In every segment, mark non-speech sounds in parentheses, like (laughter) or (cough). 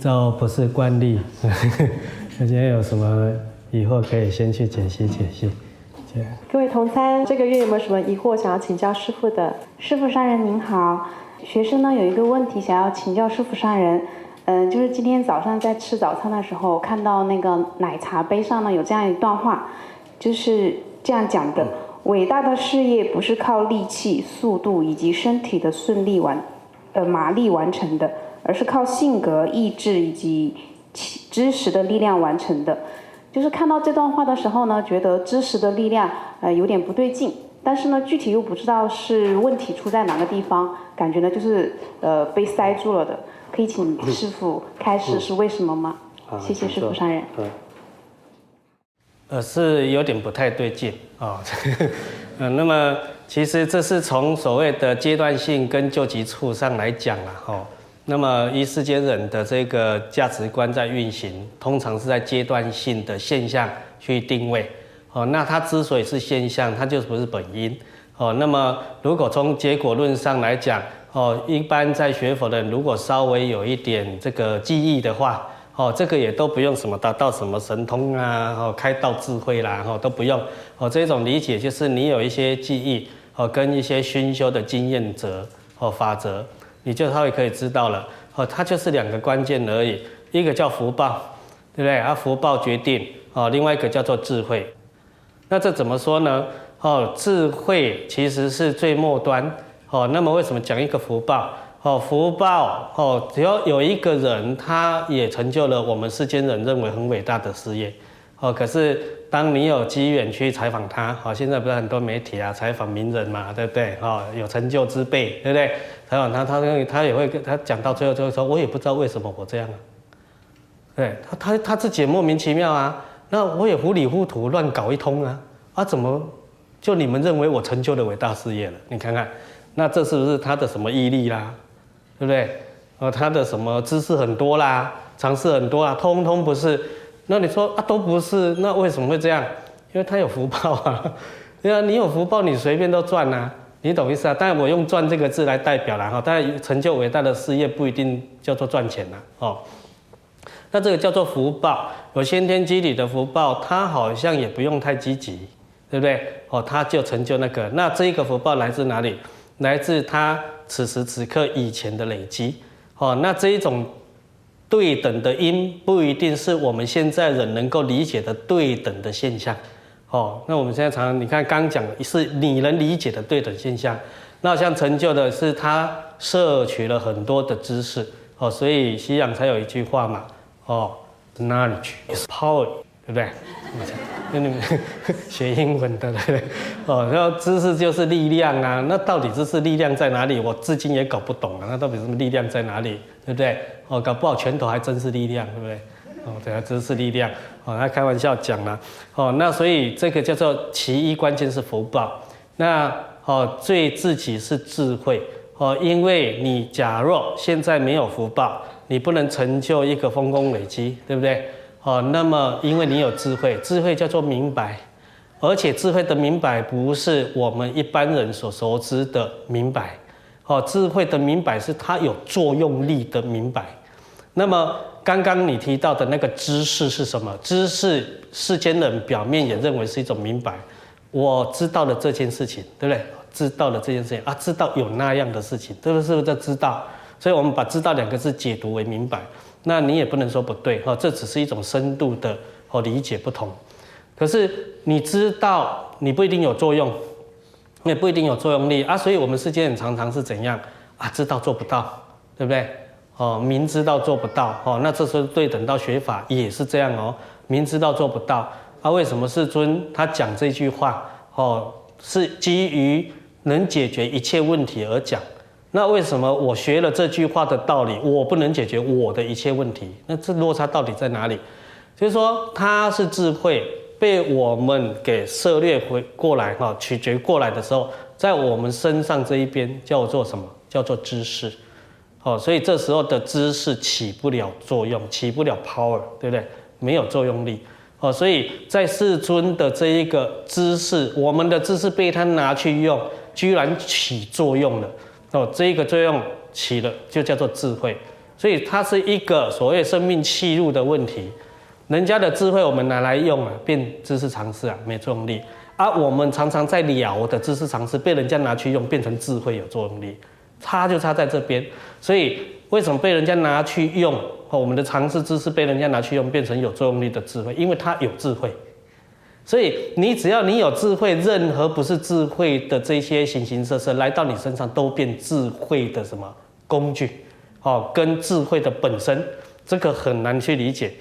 這不是慣例。那今天有什麼疑惑可以先去解析解析。各位同參，這個月有沒有什麼疑惑想要請教師父的？師父上人您好，學生呢有一個問題想要請教師父上人。嗯、呃，就是今天早上在吃早餐的時候，看到那個奶茶杯上呢有這樣一段話，就是這樣講的：嗯、偉大的事業不是靠力氣、速度以及身體的順利完，呃，麻利完成的。而是靠性格、意志以及知識的力量完成的。就是看到這段話的時候呢，覺得知識的力量呃有點不對勁，但是呢，具體又不知道是問題出在哪個地方，感覺呢就是呃被塞住了的。可以請師父開示是為什麼嗎？嗯嗯嗯、謝謝師父上人。呃、嗯，是有點不太對勁啊。呃、哦嗯，那麼其實這是從所謂的階段性跟究極處上來講了哈。哦那麼，一世間人的這個價值觀在運行，通常是在階段性的現象去定位。哦，那它之所以是現象，它就是不是本因。哦，那麼如果從結果論上來講，哦，一般在學佛的人，如果稍微有一點這個記憶的話，哦，這個也都不用什麼達到什麼神通啊，哦，開道智慧啦、啊，都不用。哦，這種理解就是你有一些記憶，哦，跟一些熏修的經驗則和法則。你就稍微可以知道了，哦，它就是兩個關鍵而已，一個叫福報，對不對？啊，福報決定，哦，另外一個叫做智慧。那這怎麼說呢？哦，智慧其實是最末端，哦，那麼為什麼講一個福報？哦，福報哦，只要有一個人，他也成就了我們世間人認為很偉大的事業，哦，可是，當你有機緣去採訪他，好，現在不是很多媒體啊採訪名人嘛，對不對？哦，有成就之輩，對不對？採訪他，他跟他也會跟他講到最後，就會說：“我也不知道為什麼我這樣啊。”對，他他他自己也莫名其妙啊，那我也糊里糊塗亂搞一通啊，啊怎麼就你們認為我成就的偉大事業了？你看看，那這是不是他的什麼毅力啦？對不對？哦，他的什麼知識很多啦，嘗試很多啊，通通不是。那你說啊都不是，那為什麼會這樣？因為他有福報啊，對啊，你有福報，你隨便都賺啊，你懂意思啊？但我用賺這個字來代表了哈，但成就偉大的事業不一定叫做賺錢吶。哦。那這個叫做福報，有先天機理的福報，它好像也不用太積極，對不對？哦，它就成就那個。那這一個福報來自哪裡？來自它此時此刻以前的累積。哦，那這一種。對等的因不一定是我們現在人能夠理解的對等的現象，哦、oh,，那我們現在常常你看剛，剛講的是你能理解的對等現象，那像成就的是他攝取了很多的知識，哦、oh,，所以西洋才有一句話嘛，哦、oh,，knowledge is power。對不對？跟你們學英文的，對不對？哦，知識就是力量啊！那到底知識力量在哪裡？我至今也搞不懂啊！那到底什麼力量在哪裡？對不對？哦，搞不好拳頭還真是力量，對不對？哦，對啊，知識力量哦，那開玩笑講了、啊、哦，那所以這個叫做其一，關鍵是福報。那哦，最至極是智慧哦，因為你假若現在沒有福報，你不能成就一個豐功偉績，對不對？哦，那麼因為你有智慧，智慧叫做明白，而且智慧的明白不是我們一般人所熟知的明白，哦，智慧的明白是它有作用力的明白。那麼剛剛你提到的那個知識是什麼？知識世間的表面也認為是一種明白，我知道了這件事情，對不對？知道了這件事情啊，知道有那樣的事情，這個是不是叫知道？所以我們把“知道”兩個字解讀為明白。那你也不能說不對哈，這只是一種深度的哦理解不同，可是你知道你不一定有作用，也不一定有作用力啊，所以我們世間人常常是怎樣啊？知道做不到，對不對？哦、啊，明知道做不到哦，那這時候對等到學法也是這樣哦，明知道做不到，啊，為什麼世尊他講這句話哦、啊？是基於能解決一切問題而講。那為什麼我學了這句話的道理，我不能解決我的一切問題？那這落差到底在哪裡？就是說，它是智慧被我們給涉獵回過來哈，取決過來的時候，在我們身上這一邊叫做什麼？叫做知識，哦，所以這時候的知識起不了作用，起不了 power，對不對？沒有作用力，哦，所以在世尊的這一個知識，我們的知識被他拿去用，居然起作用了。哦，這個作用起了，就叫做智慧，所以它是一個所謂生命契入的問題。人家的智慧我們拿來用啊，變知識常識啊，沒作用力；而、啊、我們常常在聊的知識常識被人家拿去用，變成智慧有作用力，差就差在這邊。所以為什麼被人家拿去用，哦、我們的常識知識被人家拿去用，變成有作用力的智慧？因為它有智慧。所以你只要你有智慧，任何不是智慧的這些形形色色來到你身上，都變智慧的什麼工具，哦，跟智慧的本身，這個很難去理解，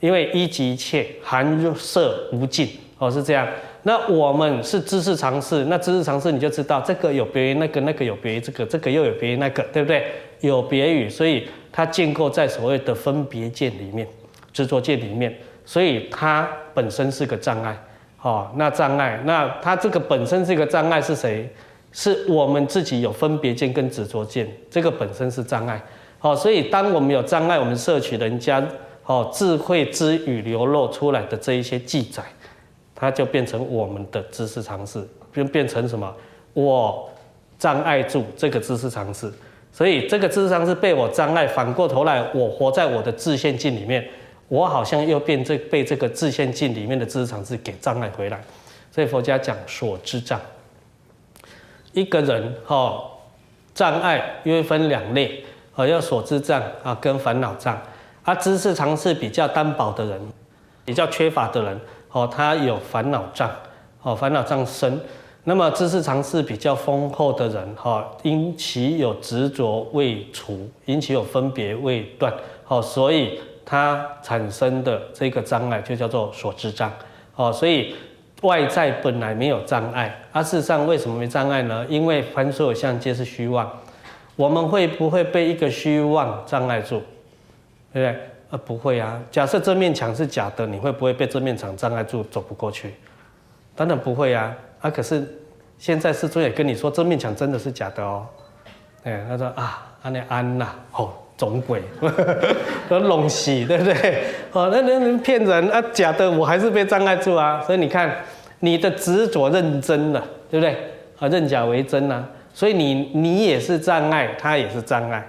因為一即一切，含攝無盡，哦，是這樣。那我們是知識常識，那知識常識你就知道，這個有別於那個，那個有別於、那個、這個，這個又有別於那個，對不對？有別於，所以它建構在所謂的分別見裡面，執著見裡面，所以它本身是個障礙。哦，那障礙，那他這個本身這個障礙是誰？是我們自己有分別見跟執着見，這個本身是障礙。好，所以當我們有障礙，我們攝取人家哦智慧之語流露出來的這一些記載，它就變成我們的知識常識，就變成什麼？我障礙住這個知識常識，所以這個知識常識被我障礙，反過頭來，我活在我的自限境裡面。我好像又變這被這個自限性裡面的知識常識給障礙回來，所以佛家講所知障。一個人哈障礙約分兩類，要所知障啊跟煩惱障。啊，知識常識比較單薄的人，比較缺乏的人，他有煩惱障，哦，煩惱障深。那麼知識常識比較豐厚的人，因其有執着未除，因其有分別未斷，所以。它產生的這個障礙就叫做所知障，哦，所以外在本來沒有障礙，它、啊、事實上為什麼沒障礙呢？因為凡所有相皆是虛妄，我們會不會被一個虛妄障礙住？對不對？啊，不會啊。假設這面牆是假的，你會不會被這面牆障礙住，走不過去？當然不會啊。啊，可是現在世尊也跟你說，這面牆真的是假的哦。哎，他說啊，安那安吶，哦。總鬼和隆喜對不對？哦，那那那騙人啊，假的，我還是被障礙住啊。所以你看，你的執着認真了對不對？啊，認假為真了、啊。所以你你也是障礙，他也是障礙，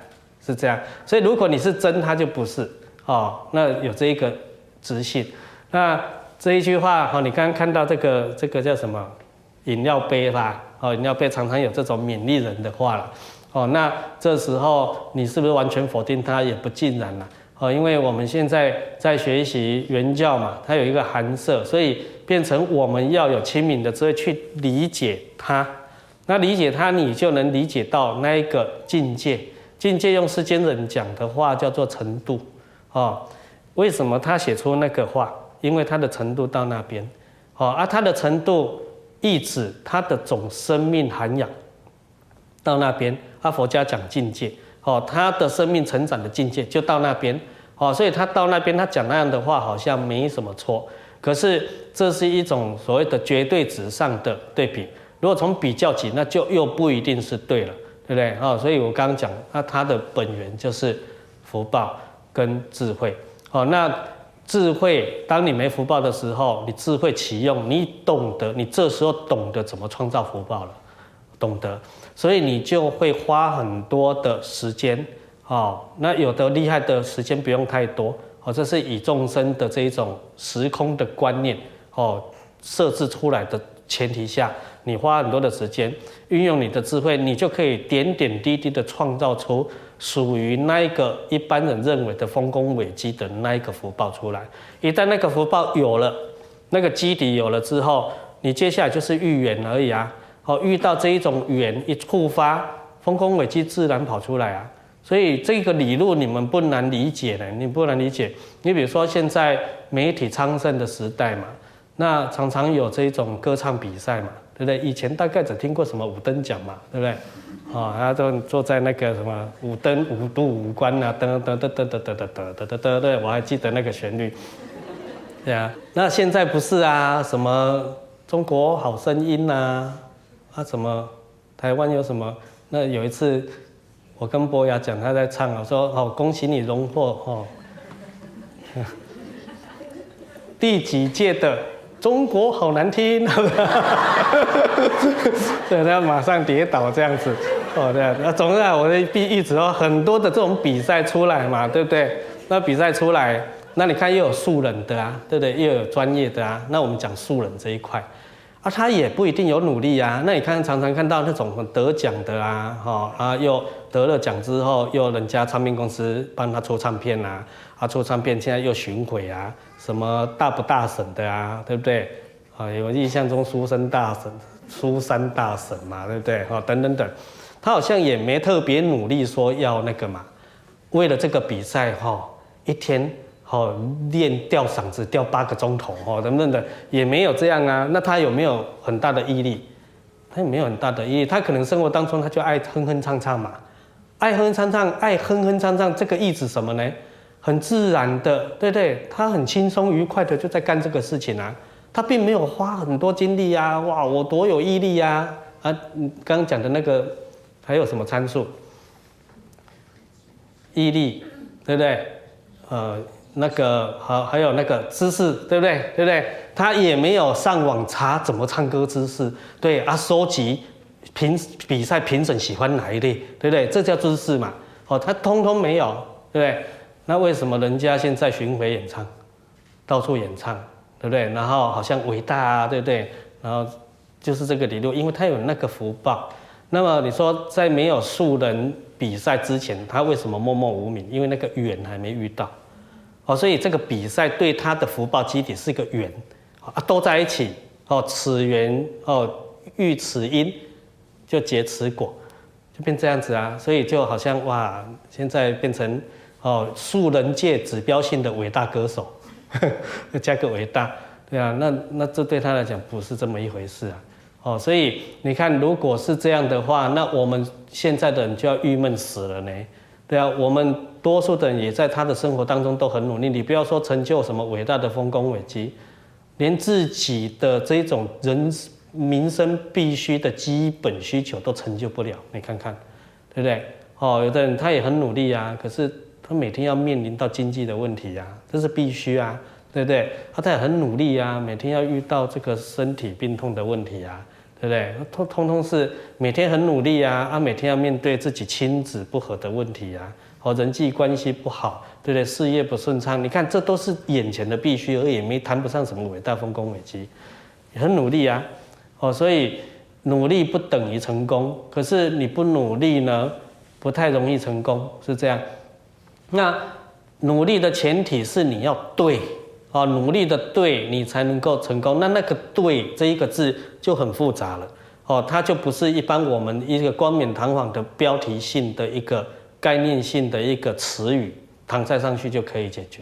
是這樣。所以如果你是真，他就不是。哦，那有這一個直信。那這一句話，好，你剛剛看到這個這個叫什麼？飲料杯吧？哦，飲料杯常常有這種勉勵人的話了。哦，那這時候你是不是完全否定它也不盡然了？哦，因為我們現在在學習原教嘛，它有一個寒舍，所以變成我們要有清明的智慧去理解它。那理解它，你就能理解到那一個境界。境界用世間人講的話叫做程度。哦，為什麼他寫出那個話？因為他的程度到那邊。哦，而他的程度，意指他的總生命涵養到那邊。他佛家講境界，好，他的生命成長的境界就到那邊，好，所以他到那邊，他講那樣的話好像沒什麼錯，可是這是一種所謂的絕對值上的對比。如果從比較起，那就又不一定是對了，對不對？好，所以我剛剛講，那他的本源就是福報跟智慧。好，那智慧，當你沒福報的時候，你智慧啟用，你懂得，你這時候懂得怎麼創造福報了，懂得。所以你就會花很多的時間，啊，那有的厲害的，時間不用太多，哦，這是以眾生的這一種時空的觀念，哦，設置出來的前提下，你花很多的時間，運用你的智慧，你就可以點點滴滴的創造出屬於那一個一般人認為的豐功偉績的那一個福報出來。一旦那個福報有了，那個基底有了之後，你接下來就是預言而已啊。好，遇到這一種緣一觸發，豐功偉績自然跑出來啊！所以這個理路你們不難理解的、欸，你不難理解。你比如說現在媒體昌盛的時代嘛，那常常有這種歌唱比賽嘛，對不對？以前大概只聽過什麼五燈獎嘛，對不對？哦、啊，然後坐坐在那個什麼五燈五度五關啊，等等等等等等等等。等等對，我還記得那個旋律。對啊，那現在不是啊，什麼中國好聲音吶、啊？他、啊、怎麼？台灣有什麼？那有一次，我跟伯牙講，他在唱啊，我說：“好、哦，恭喜你榮獲哦，第幾屆的中國好難聽， (laughs) (laughs) 對，他馬上跌倒這樣子，哦，對啊。那總之啊，我一一直說很多的這種比賽出來嘛，對不對？那比賽出來，那你看又有素人的啊，對不對？又有專業的啊。那我們講素人這一塊。啊，他也不一定有努力啊。那你看，常常看到那種得獎的啊，哈、哦、啊，又得了獎之後，又人家唱片公司幫他出唱片吶、啊，啊，出唱片現在又巡回啊，什麼大不大神的啊，對不對？啊，有印象中蘇生大神、蘇三大神嘛，對不對？哈、哦，等等等，他好像也沒特別努力說要那個嘛，為了這個比賽哈、哦，一天。好，練吊嗓子吊八個鐘頭，哦，等等的，也沒有這樣啊。那他有沒有很大的毅力？他也沒有很大的毅力。他可能生活當中他就愛哼哼唱唱嘛，愛哼哼唱唱，愛哼哼唱唱。這個意思什麼呢？很自然的，對不對？他很輕鬆愉快的就在幹這個事情啊。他並沒有花很多精力啊。哇，我多有毅力呀，啊！啊，剛剛講的那個還有什麼參數？毅力，對不對？呃。那個好，還有那個姿勢，對不對？對不對？他也沒有上網查怎麼唱歌姿勢，對啊，收集評比賽評審喜歡哪一類，對不對？這叫姿勢嘛？哦，他通通沒有，對不對？那為什麼人家現在巡回演唱，到處演唱，對不對？然後好像偉大啊，對不對？然後就是這個理由，因為他有那個福報。那麼你說，在沒有素人比賽之前，他為什麼默默無名？因為那個緣還沒遇到。哦，所以這個比賽對他的福報基底是一個緣啊，都在一起，緣哦，此緣哦遇此因，就結此果，就變這樣子啊，所以就好像哇，現在變成哦素人界指標性的偉大歌手，呵呵，加個偉大，對啊，那那這對他來講不是這麼一回事啊，哦，所以你看如果是這樣的話，那我們現在的人就要鬱悶死了呢。對啊，我們多數的人也在他的生活當中都很努力。你不要說成就什麼偉大的豐功偉績，連自己的這種人民生必須的基本需求都成就不了。你看看，對不對？哦，有的人他也很努力啊，可是他每天要面臨到經濟的問題啊，這是必須啊，對不對？他也很努力啊，每天要遇到這個身體病痛的問題啊。對不對？通通通是每天很努力啊，啊，每天要面對自己親子不合的問題啊，哦，人際關係不好，對不對？事業不順暢，你看這都是眼前的必須，而也沒談不上什麼偉大豐功偉績。很努力啊，哦，所以努力不等於成功。可是你不努力呢，不太容易成功，是這樣。那努力的前提是你要對。哦，努力的對你才能夠成功。那那個“對”這一個字就很複雜了。哦，它就不是一般我們一個冠冕堂皇的標題性的一個概念性的一個詞語，躺在上去就可以解決。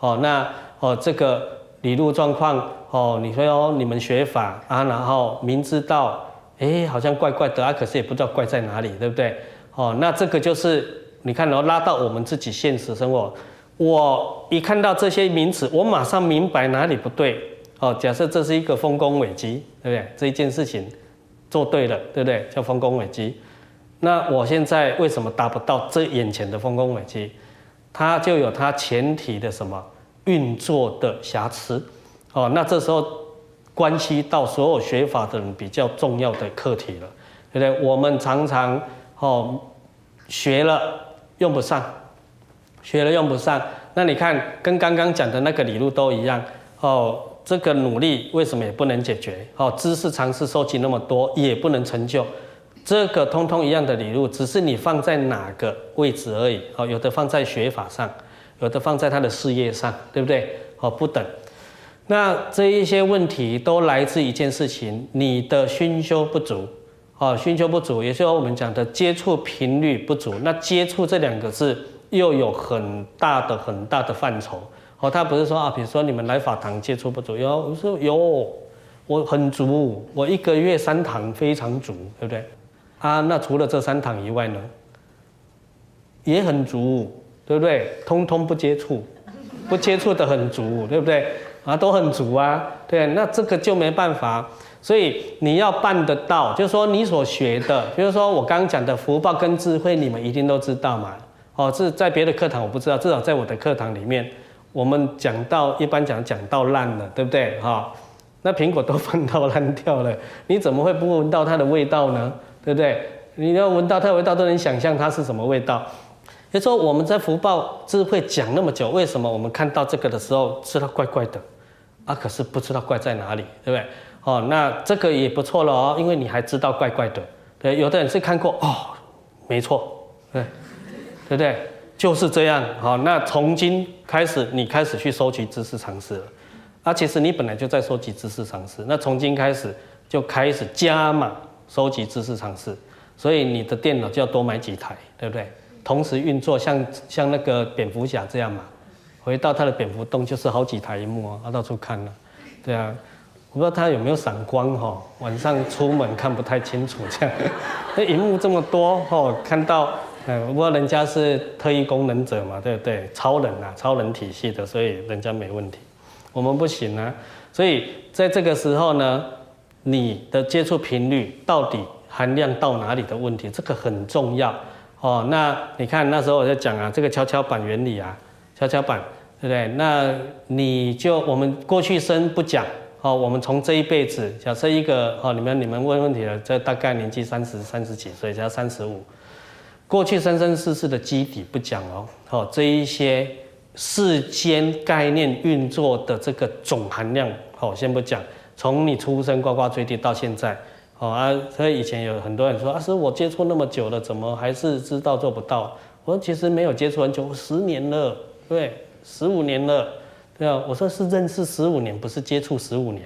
哦，那哦這個理路狀況，哦你說哦你們學法啊，然後明知道，誒、欸，好像怪怪的啊，可是也不知道怪在哪裡，對不對？哦，那這個就是你看，然後拉到我們自己現實生活。我一看到這些名詞，我馬上明白哪裡不對。哦，假設這是一個豐功偉績，對不對？這一件事情做對了，對不對？叫豐功偉績。那我現在為什麼達不到這眼前的豐功偉績？它就有它前提的什麼運作的瑕疵。哦，那這時候關係到所有學法的人比較重要的課題了，對不對？我們常常哦學了用不上。學了用不上，那你看跟剛剛講的那個理路都一樣，哦，這個努力為什麼也不能解決？哦，知識常識收集那麼多也不能成就，這個通通一樣的理路，只是你放在哪個位置而已。哦，有的放在學法上，有的放在他的事業上，對不對？哦，不等。那這一些問題都來自一件事情，你的熏修不足，哦，熏修不足，也就是我們講的接觸頻率不足。那接觸這兩個字。又有很大的很大的範疇，好，他不是說啊，比如說你們來法堂接觸不足，有我說有，我很足，我一個月三堂非常足，對不對？啊，那除了這三堂以外呢，也很足，對不對？通通不接觸，不接觸的很足，對不對？啊，都很足啊，對，那這個就沒辦法，所以你要辦得到，就是說你所學的，比如說我剛剛講的福報跟智慧，你們一定都知道嘛。哦，是在別的課堂我不知道，至少在我的課堂裡面，我們講到一般講講到爛了，對不對？哈、哦，那蘋果都放到爛掉了，你怎麼會不聞到它的味道呢？對不對？你要聞到它的味道，都能想象它是什麼味道。所以說我們在福報智慧講那麼久，為什麼我們看到這個的時候知道怪怪的，啊，可是不知道怪在哪裡，對不對？哦，那這個也不錯了哦，因為你還知道怪怪的。對，有的人是看過，哦，沒錯，對。對不對？就是這樣。好，那從今開始，你開始去收集知識常識了。啊，其實你本來就在收集知識常識。那從今開始，就開始加碼收集知識常識。所以你的電腦就要多買幾台，對不對？同時運作像，像像那個蝙蝠俠這樣嘛，回到他的蝙蝠洞就是好幾台熒幕啊、哦，到處看了、啊。對啊，我不知道他有沒有閃光哈、哦，晚上出門看不太清楚這樣。那熒幕這麼多哈、哦，看到。嗯，不過人家是特異功能者嘛，對不對？超人啊，超人體系的，所以人家沒問題，我們不行啊。所以在這個時候呢，你的接觸頻率到底含量到哪裡的問題，這個很重要哦。那你看那時候我就講啊，這個蹺蹺板原理啊，蹺蹺板，對不對？那你就我們過去生不講哦，我們從這一輩子，假設一個哦，你們你們問問題了，這大概年紀三十三十幾歲，加三十五。過去生生世世的基底不講哦，好這一些世間概念運作的這個總含量，好先不講。從你出生呱呱墜地到現在，好、哦、啊，所以以前有很多人說：“阿、啊、師，我接觸那麼久了，怎麼還是知道做不到？”我說：“其實沒有接觸很久，我十年了，對不對？十五年了，對啊。”我說：“是認識十五年，不是接觸十五年。”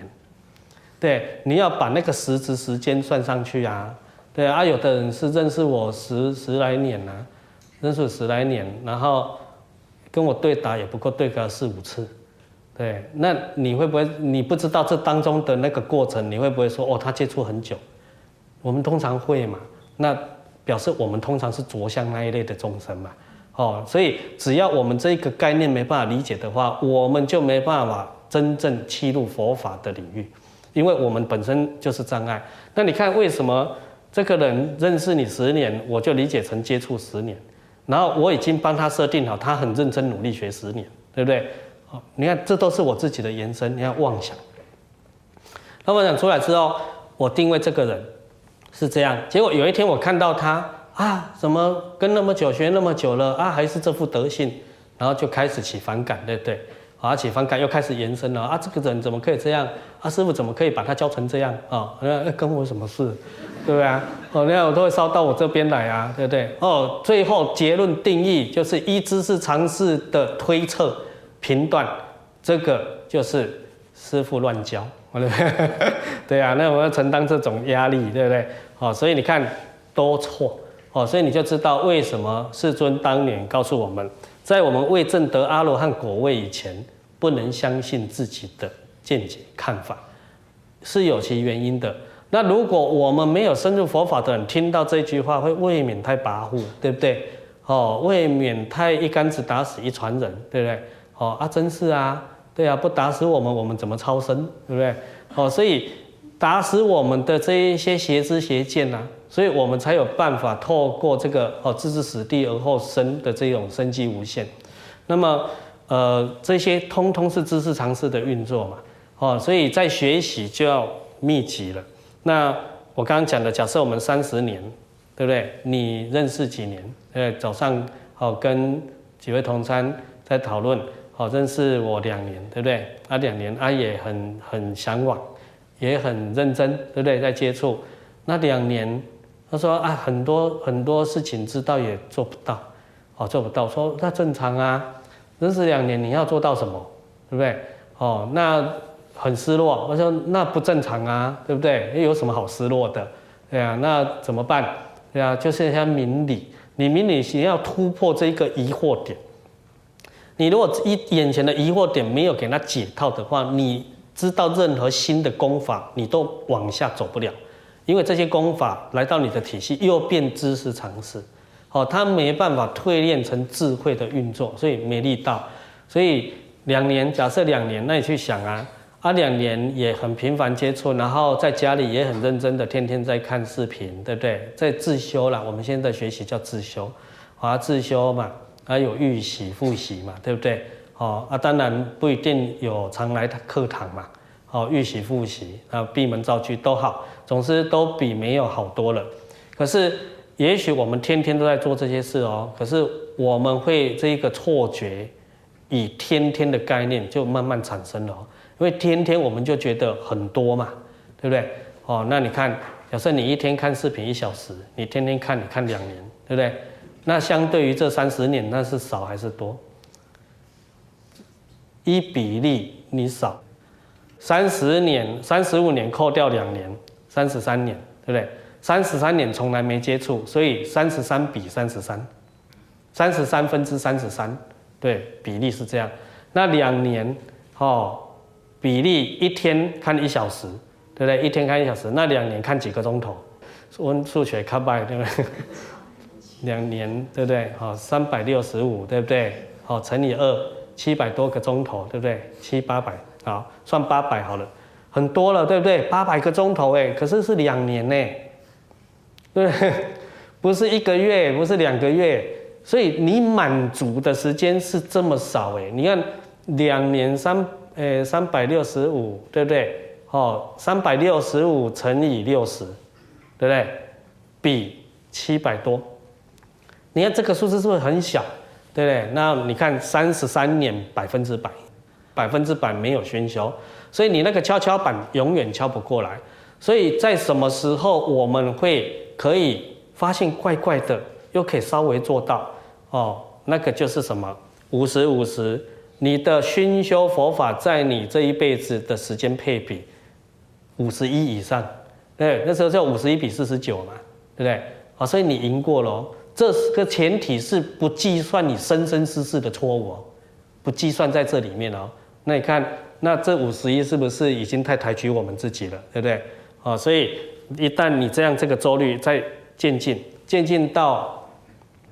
對，你要把那個實質時間算上去啊。對啊，有的人是認識我十十來年、啊、認識十來年，然後跟我對答也不過對個四五次，對，那你會不會？你不知道這當中的那個過程，你會不會說哦，他接觸很久，我們通常會嘛，那表示我們通常是着相那一類的眾生嘛。哦，所以只要我們這個概念沒辦法理解的話，我們就沒辦法真正契入佛法的領域，因為我們本身就是障礙。那你看為什麼？這個人認識你十年，我就理解成接觸十年，然後我已經幫他設定好，他很認真努力學十年，對不對？好，你看這都是我自己的延伸，你看妄想。那麼想出來之後，我定位這個人是這樣，結果有一天我看到他啊，怎麼跟那麼久學那麼久了啊，還是這副德性，然後就開始起反感，對不對？而且反感又開始延伸了啊！這個人怎麼可以這樣？啊，師父怎麼可以把他教成這樣啊？那、哦、跟我什麼事？對不對啊？哦，那樣我都會燒到我這邊來啊，對不對？哦，最後結論定義就是依知識常識的推測評斷，這個就是師父亂教，對對，對啊，那我要承擔這種壓力，對不對？好、哦，所以你看都錯，好、哦，所以你就知道為什麼世尊當年告訴我們，在我們未證得阿羅漢果位以前。不能相信自己的見解看法，是有其原因的。那如果我們沒有深入佛法的人，聽到這句話會未免太跋扈，對不對？哦，未免太一竿子打死一船人，對不對？哦，啊，真是啊，對啊，不打死我們，我們怎麼超生，對不對？哦，所以打死我們的這一些邪知邪見吶、啊，所以我們才有辦法透過這個哦，置之死地而後生的這種生機無限。那麼。呃，這些通通是知識常識的運作嘛？哦，所以在學習就要密集了。那我剛剛講的，假設我們三十年，對不對？你認識幾年？呃，早上好、哦，跟幾位同參在討論，好、哦、認識我兩年，對不對？啊，兩年，他、啊、也很很向往，也很認真，對不對？在接觸那兩年，他說啊，很多很多事情知道也做不到，哦，做不到，說那正常啊。真是兩年，你要做到什麼，對不對？哦，那很失落。我說那不正常啊，對不對？又有什麼好失落的？對啊，那怎麼辦？對啊，就剩、是、下明理。你明理，是要突破這一個疑惑點。你如果一眼前的疑惑點沒有給它解套的話，你知道任何新的功法，你都往下走不了，因為這些功法來到你的體系又變知識常識。哦，他沒辦法淬煉成智慧的運作，所以沒力道。所以兩年，假設兩年，那你去想啊，啊兩年也很頻繁接觸，然後在家裡也很認真的天天在看視頻，對不對？在自修啦，我們現在學習叫自修，好、啊、自修嘛，還、啊、有預習、復習嘛，對不對？哦，啊，當然不一定有常來課堂嘛，哦，預習、復習啊，閉門造車都好，總之都比沒有好多了。可是。也許我們天天都在做這些事哦，可是我們會這一個錯覺，以天天的概念就慢慢產生了哦。因為天天我們就覺得很多嘛，對不對？哦，那你看，假設你一天看視頻一小時，你天天看，你看兩年，對不對？那相對於這三十年，那是少還是多？一比例你少，三十年、三十五年扣掉兩年，三十三年，對不對？三十三年從來沒接觸，所以三十三比三十三，三十三分之三十三，對，比例是這樣。那兩年，哈、哦，比例一天看一小時，對不對？一天看一小時，那兩年看幾個鐘頭？溫數學看百，對不對？兩年，對不對？好、哦，三百六十五，對不對？好、哦，乘以二，七百多個鐘頭，對不對？七八百，好，算八百好了，很多了，對不對？八百個鐘頭、欸，哎，可是是兩年呢、欸。對，對，不是一個月，不是兩個月，所以你滿足的時間是這麼少哎！你看，兩年三，哎、欸，三百六十五，對不對？好、哦，三百六十五乘以六十，對不對？比七百多。你看這個數字是不是很小？對不對？那你看三十三年百分之百，百分之百沒有薰修。所以你那個蹺蹺板永遠敲不過來。所以在什麼時候我們會？可以發現怪怪的，又可以稍微做到哦，那個就是什麼五十五十，50，你的熏修佛法在你這一輩子的時間配比五十一以上，對，那時候叫五十一比四十九嘛，對不對？啊、哦，所以你贏過了、哦，這個前提是不計算你生生世世的錯誤、哦，不計算在這裡面哦。那你看，那這五十一是不是已經太抬舉我們自己了，對不對？啊、哦，所以。一旦你這樣這個周率再漸進，漸進到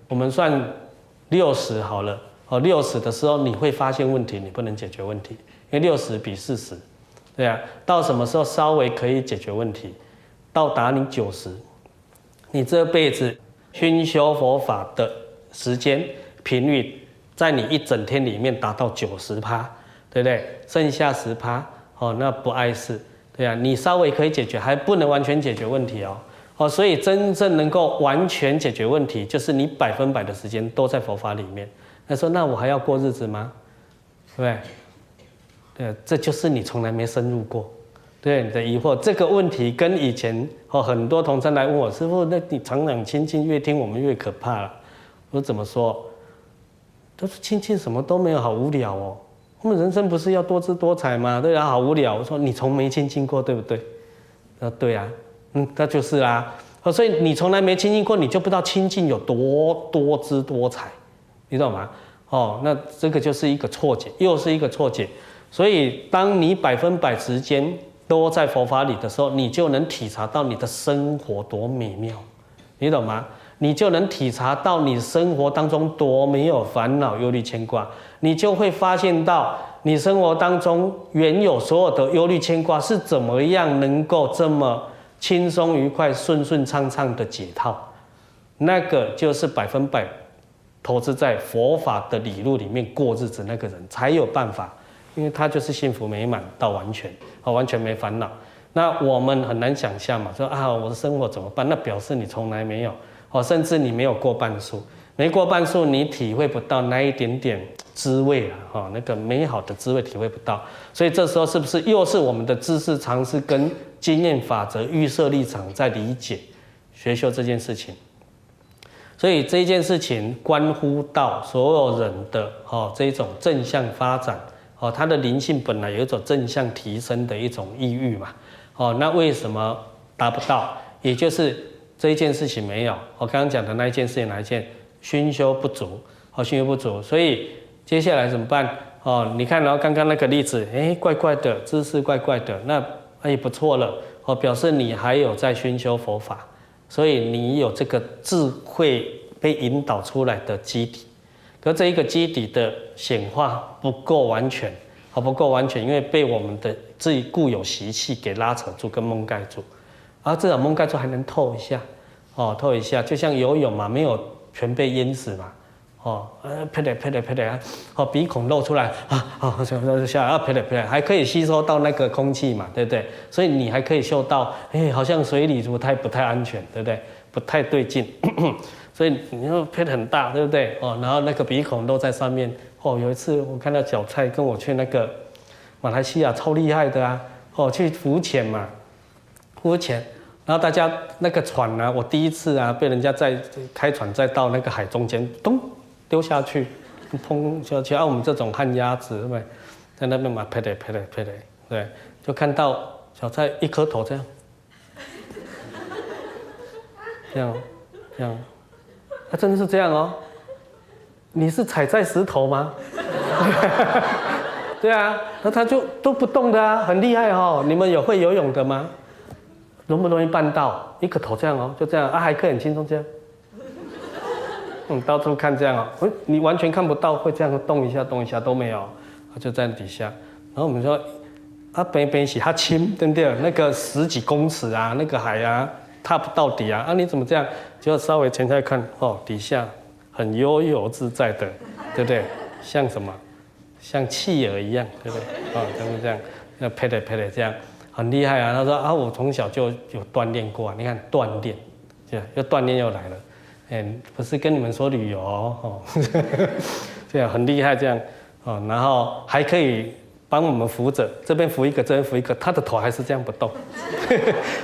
我們算六十好了，哦，六十的時候你會發現問題，你不能解決問題，因為六十比四十，對啊，到什麼時候稍微可以解決問題？到達你九十，你這輩子熏修佛法的時間頻率，在你一整天裡面達到九十趴，對不對？剩下十趴，哦，那不礙事。對啊，你稍微可以解決，還不能完全解決問題哦。哦，所以真正能夠完全解決問題，就是你百分百的時間都在佛法裡面。他說：“那我還要過日子嗎？”對不對？對啊，這就是你從來沒深入過，對啊，你的疑惑。這個問題跟以前和、哦、很多同參來問我師父：“那你常常清淨，越聽我們越可怕了。”我說怎麼說？都是清淨什麼都沒有，好無聊哦。”我們人生不是要多姿多彩嗎？對啊，好無聊。我說你從沒親近過，對不對？他說對啊，嗯，他就是啦、啊。所以你從來沒親近過，你就不知道親近有多多姿多彩，你知道嗎？哦，那這個就是一個錯覺，又是一個錯覺。所以當你百分百時間都在佛法裡的時候，你就能體察到你的生活多美妙，你懂嗎？你就能體察到你生活當中多沒有煩惱、憂慮、牽掛，你就會發現到你生活當中原有所有的憂慮、牽掛是怎麼樣能夠這麼輕鬆、愉快、順順暢暢的解套。那個就是百分百投資在佛法的理路裡面過日子那個人才有辦法，因為他就是幸福美滿到完全，完全沒煩惱。那我們很難想象嘛，說啊我的生活怎麼辦？那表示你從來沒有。哦，甚至你沒有過半數，沒過半數，你體會不到那一點點滋味了，哈，那個美好的滋味體會不到。所以這時候是不是又是我們的知識、常識跟經驗法則、預設立場在理解學修這件事情？所以這件事情關乎到所有人的哈這種正向發展，哦，它的靈性本來有一種正向提升的一種意欲嘛，哦，那為什麼達不到？也就是。這一件事情沒有，我剛剛講的那一件事情哪一件？熏修不足，哦，熏修不足，所以接下來怎麼辦？哦，你看，然後剛剛那個例子，欸，怪怪的，姿勢怪怪的，那也不錯了，哦，表示你還有在熏修佛法，所以你有這個智慧被引導出來的基底，可是這一個基底的顯化不夠完全，哦，不夠完全，因為被我們的自己固有習氣給拉扯住，跟蒙蓋住。然後至少蒙蓋住還能透一下，哦，透一下，就像游泳嘛，沒有全被淹死嘛，哦，呃，拍的拍的拍的啊，哦，鼻孔露出來啊，啊，水浮到就下來，啊、呃，拍的拍的，還可以吸收到那個空氣嘛，對不對？所以你還可以嗅到，誒，好像水裡不太不太安全，對不對？不太對勁， (coughs) 所以你要拍得很大，對不對？哦，然後那個鼻孔露在上面，哦，有一次我看到小蔡跟我去那個馬來西亞超厲害的啊，哦，去浮潛嘛。浮潛，然後大家那個船呢，啊？我第一次啊，被人家在開船再到那個海中間，咚丟下去，砰！就蔡按我們這種旱鴨子，對不對？在那邊嘛，拍嘞拍嘞拍嘞，對，就看到小蔡一顆頭這樣，這樣，這樣，他，啊，真的是這樣哦？你是踩在石頭嗎？對啊，那，啊，他就都不動的啊，很厲害哦。你們有會游泳的嗎？容不容易辦到？一個頭這樣哦，就這樣啊，還可以很輕鬆這樣。嗯， (laughs) 到處看這樣哦，欸、你完全看不到會這樣動一下動一下都沒有，啊、就在底下。然後我們說，啊，邊邊起它輕，對不對？那個十幾公尺啊，那個海啊，踏不到底啊。啊，你怎麼這樣？就稍微潛下去看哦，底下很悠遊自在的，對不對？像什麼？像企鵝一樣，對不對？啊、哦，就是這樣，那拍的拍這樣。很厲害啊！他說啊，我從小就有鍛鍊過啊。你看鍛鍊，對，又鍛鍊又來了，欸，不是跟你們說旅遊哦，這樣很厲害這樣，哦，然後還可以幫我們扶着，這邊扶一個，這邊扶一個，他的頭還是這樣不動，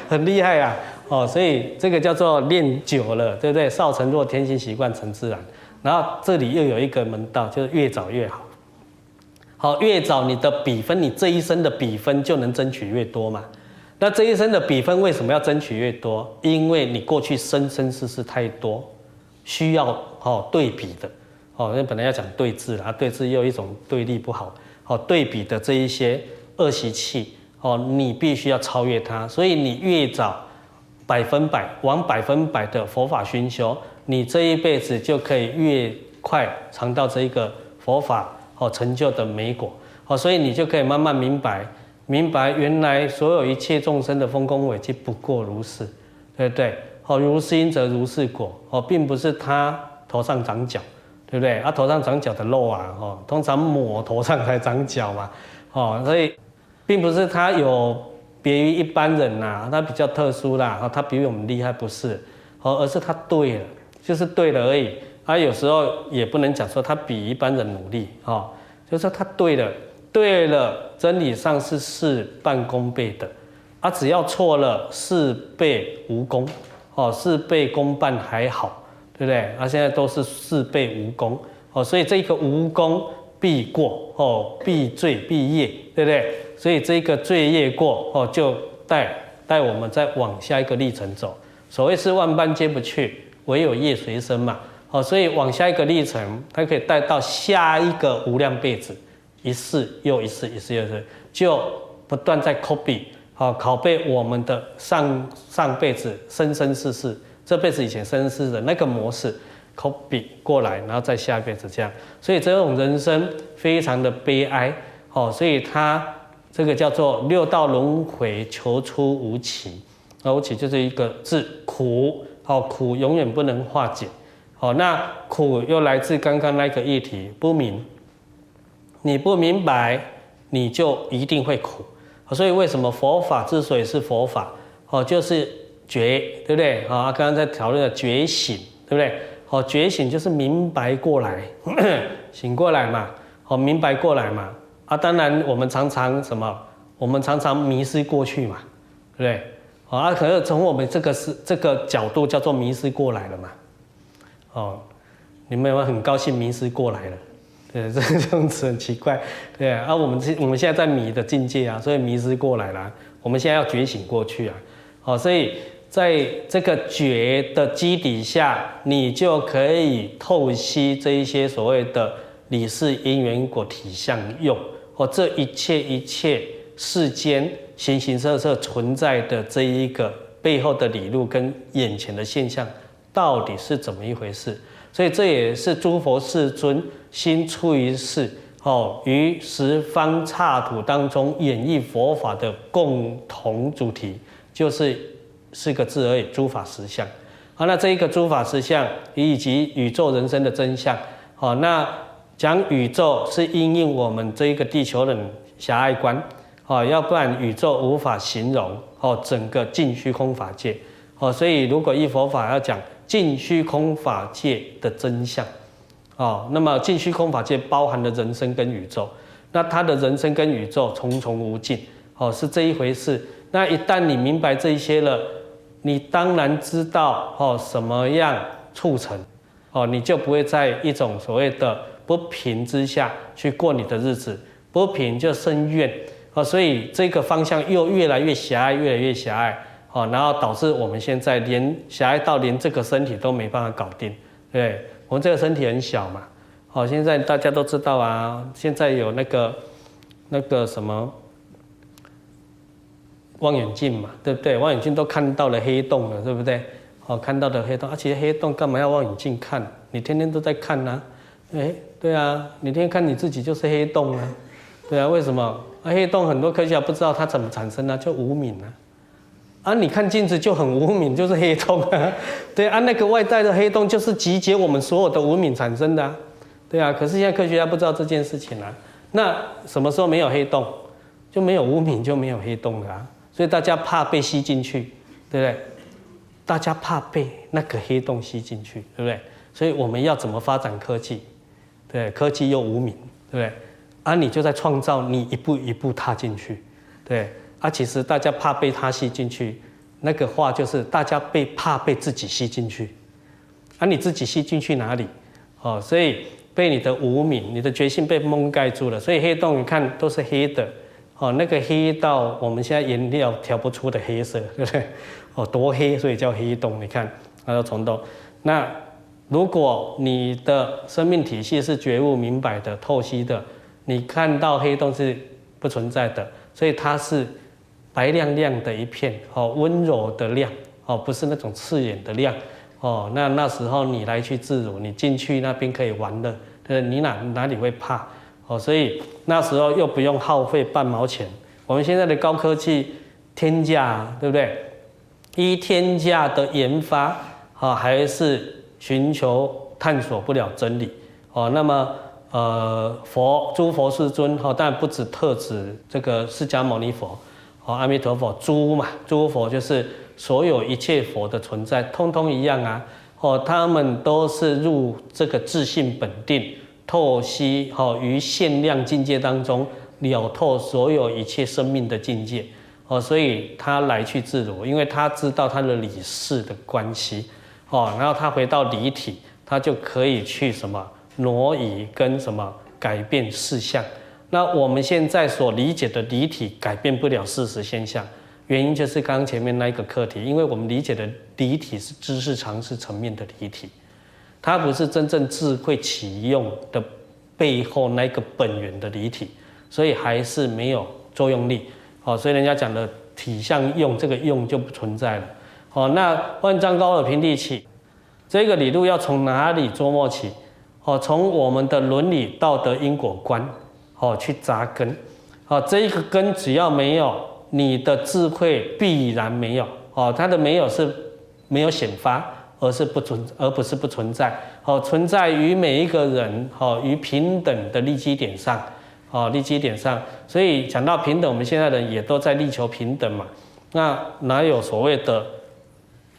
很厲害啊！哦，所以這個叫做練久了，對不對？少成若天性，習慣成自然。然後這裡又有一個門道，就是越早越好。好，越早你的比分，你這一生的比分就能爭取越多嘛。那這一生的比分為什麼要爭取越多？因為你過去生生世世太多，需要哦對比的哦，那本來要講對治啊，對治又一種對立不好，哦對比的這一些惡習氣哦，你必須要超越它。所以你越早，百分百往百分百的佛法熏修你這一輩子就可以越快嚐到這一個佛法成就的美果，所以你就可以慢慢明白，明白原來所有一切眾生的豐功偉績不過如是，對不對？哦，如是因則如是果，哦，並不是他頭上長角，對不對？他、啊、頭上長角的肉啊、哦，通常抹頭上才長角嘛、哦，所以並不是他有別於一般人吶、啊，他比較特殊啦，他比我們厲害不是？哦、而是他對了，就是對了而已。啊，有時候也不能講說他比一般人努力，哈、哦，就是說他對了，對了，真理上是事半功倍的。啊，只要錯了，事倍無功，哦，事倍功半還好，對不對？啊，現在都是事倍無功，哦，所以這個無功必過，哦，必罪必業，對不對？所以這個罪業過，哦，就帶帶我們再往下一個歷程走。所謂是萬般皆不去，唯有業隨身嘛。好，所以往下一個歷程，它可以帶到下一個無量輩子，一世又一世，一世又世，就不斷在 copy，好，拷貝我們的上上輩子、生生世世、這輩子以前生生世世的那個模式，copy 過來，然後再下輩子這樣。所以這種人生非常的悲哀，哦，所以它這個叫做六道輪回，求出無期，無期就是一個字苦，好，苦永遠不能化解。好、哦、那苦又來自剛剛那個議題不明，你不明白，你就一定會苦。所以為什麼佛法之所以是佛法？哦，就是覺，對不對？啊、哦，剛剛在討論的覺醒，對不對？哦，覺醒就是明白過來， (coughs) 醒過來嘛、哦，明白過來嘛。啊，當然我們常常什麼？我們常常迷失過去嘛，對不對？哦、啊，可是從我們這個是這個角度叫做迷失過來了嘛。哦，你們有沒有很高興迷失過來了？對，這這詞很奇怪，對啊。我們現我們現在在迷的境界啊，所以迷失過來了。我們現在要覺醒過去啊，好、哦，所以在這個覺的基底下，你就可以透析這一些所謂的理事因緣果體相用，哦，這一切一切世間形形色色存在的這一個背後的理路跟眼前的現象。到底是怎麼一回事？所以這也是諸佛世尊興出於世，哦，於十方剎土當中演繹佛法的共同主題，就是四個字而已：諸法實相。好，那這一個諸法實相以及宇宙人生的真相，好，那講宇宙是因應用我們這一個地球人狹隘觀，好，要不然宇宙無法形容哦，整個盡虛空法界，好，所以如果依佛法要講。盡虛空法界的真相，哦，那麼盡虛空法界包含了人生跟宇宙，那他的人生跟宇宙重重無盡，哦，是這一回事。那一旦你明白這一些了，你當然知道哦，什麼樣促成，哦，你就不會在一種所謂的不平之下去過你的日子，不平就生怨，哦，所以這個方向又越來越狹隘，越來越狹隘。然後導致我們現在連狹隘到連這個身體都沒辦法搞定，對，對，我們這個身體很小嘛。好，現在大家都知道啊，現在有那個那個什麼望遠鏡嘛，對不對？望遠鏡都看到了黑洞了，對不對？哦，看到的黑洞，啊，而且黑洞干嘛要望遠鏡看？你天天都在看啊。哎，對啊，你天天看你自己就是黑洞啊。對啊，為什麼？啊，黑洞很多科學家不知道它怎麼產生啊，就無名啊。而、啊、你看鏡子就很無明，就是黑洞啊，對啊，那個外在的黑洞就是集結我們所有的無明產生的、啊，對啊。可是現在科學家不知道這件事情啊。那什麼時候沒有黑洞，就沒有無明，就沒有黑洞了、啊。所以大家怕被吸進去，對不對？大家怕被那個黑洞吸進去，對不對？所以我們要怎麼發展科技？對，科技又無明，對不對？而、啊、你就在創造，你一步一步踏進去，對。啊，其實大家怕被它吸進去，那個話就是大家被怕被自己吸進去，啊，你自己吸進去哪裡？哦，所以被你的無明、你的決心被蒙蓋住了。所以黑洞你看都是黑的，哦，那個黑到我們現在顏料調不出的黑色，對不對？哦，多黑，所以叫黑洞。你看，那叫蟲洞。那如果你的生命體系是覺悟明白的透析的，你看到黑洞是不存在的，所以它是白亮亮的一片哦，溫柔的亮哦，不是那種刺眼的亮哦。那那時候你來去自如，你進去那邊可以玩的，呃，你哪你哪裡會怕哦？所以那時候又不用耗費半毛錢。我們現在的高科技天價，對不對？依天價的研發啊，還是尋求探索不了真理哦。那麼呃，佛諸佛世尊哈，但不止特指這個釋迦牟尼佛。哦、阿彌陀佛，諸嘛，諸佛就是所有一切佛的存在，通通一樣啊！哦，他們都是入這個自性本定，透析哦，於限量境界當中了透所有一切生命的境界哦，所以他來去自如，因為他知道他的理事的關係哦，然後他回到理體，他就可以去什麼挪移跟什麼改變事項。那我們現在所理解的理體改變不了事實現象，原因就是剛剛前面那一個課題，因為我們理解的理體是知識常識層面的理體，它不是真正智慧起用的背後那個本源的理體，所以還是沒有作用力。所以人家講的體相用這個用就不存在了。好，那萬丈高樓平地起，這個理路要從哪裡琢磨起？哦，從我們的倫理道德因果觀。哦，去扎根，好、哦，這一個根只要沒有你的智慧，必然沒有。哦，它的沒有是，沒有顯發，而是不存，而不是不存在。哦，存在於每一個人，哦，於平等的立基點上，哦，立基點上。所以講到平等，我們現代人也都在力求平等嘛。那哪有所謂的，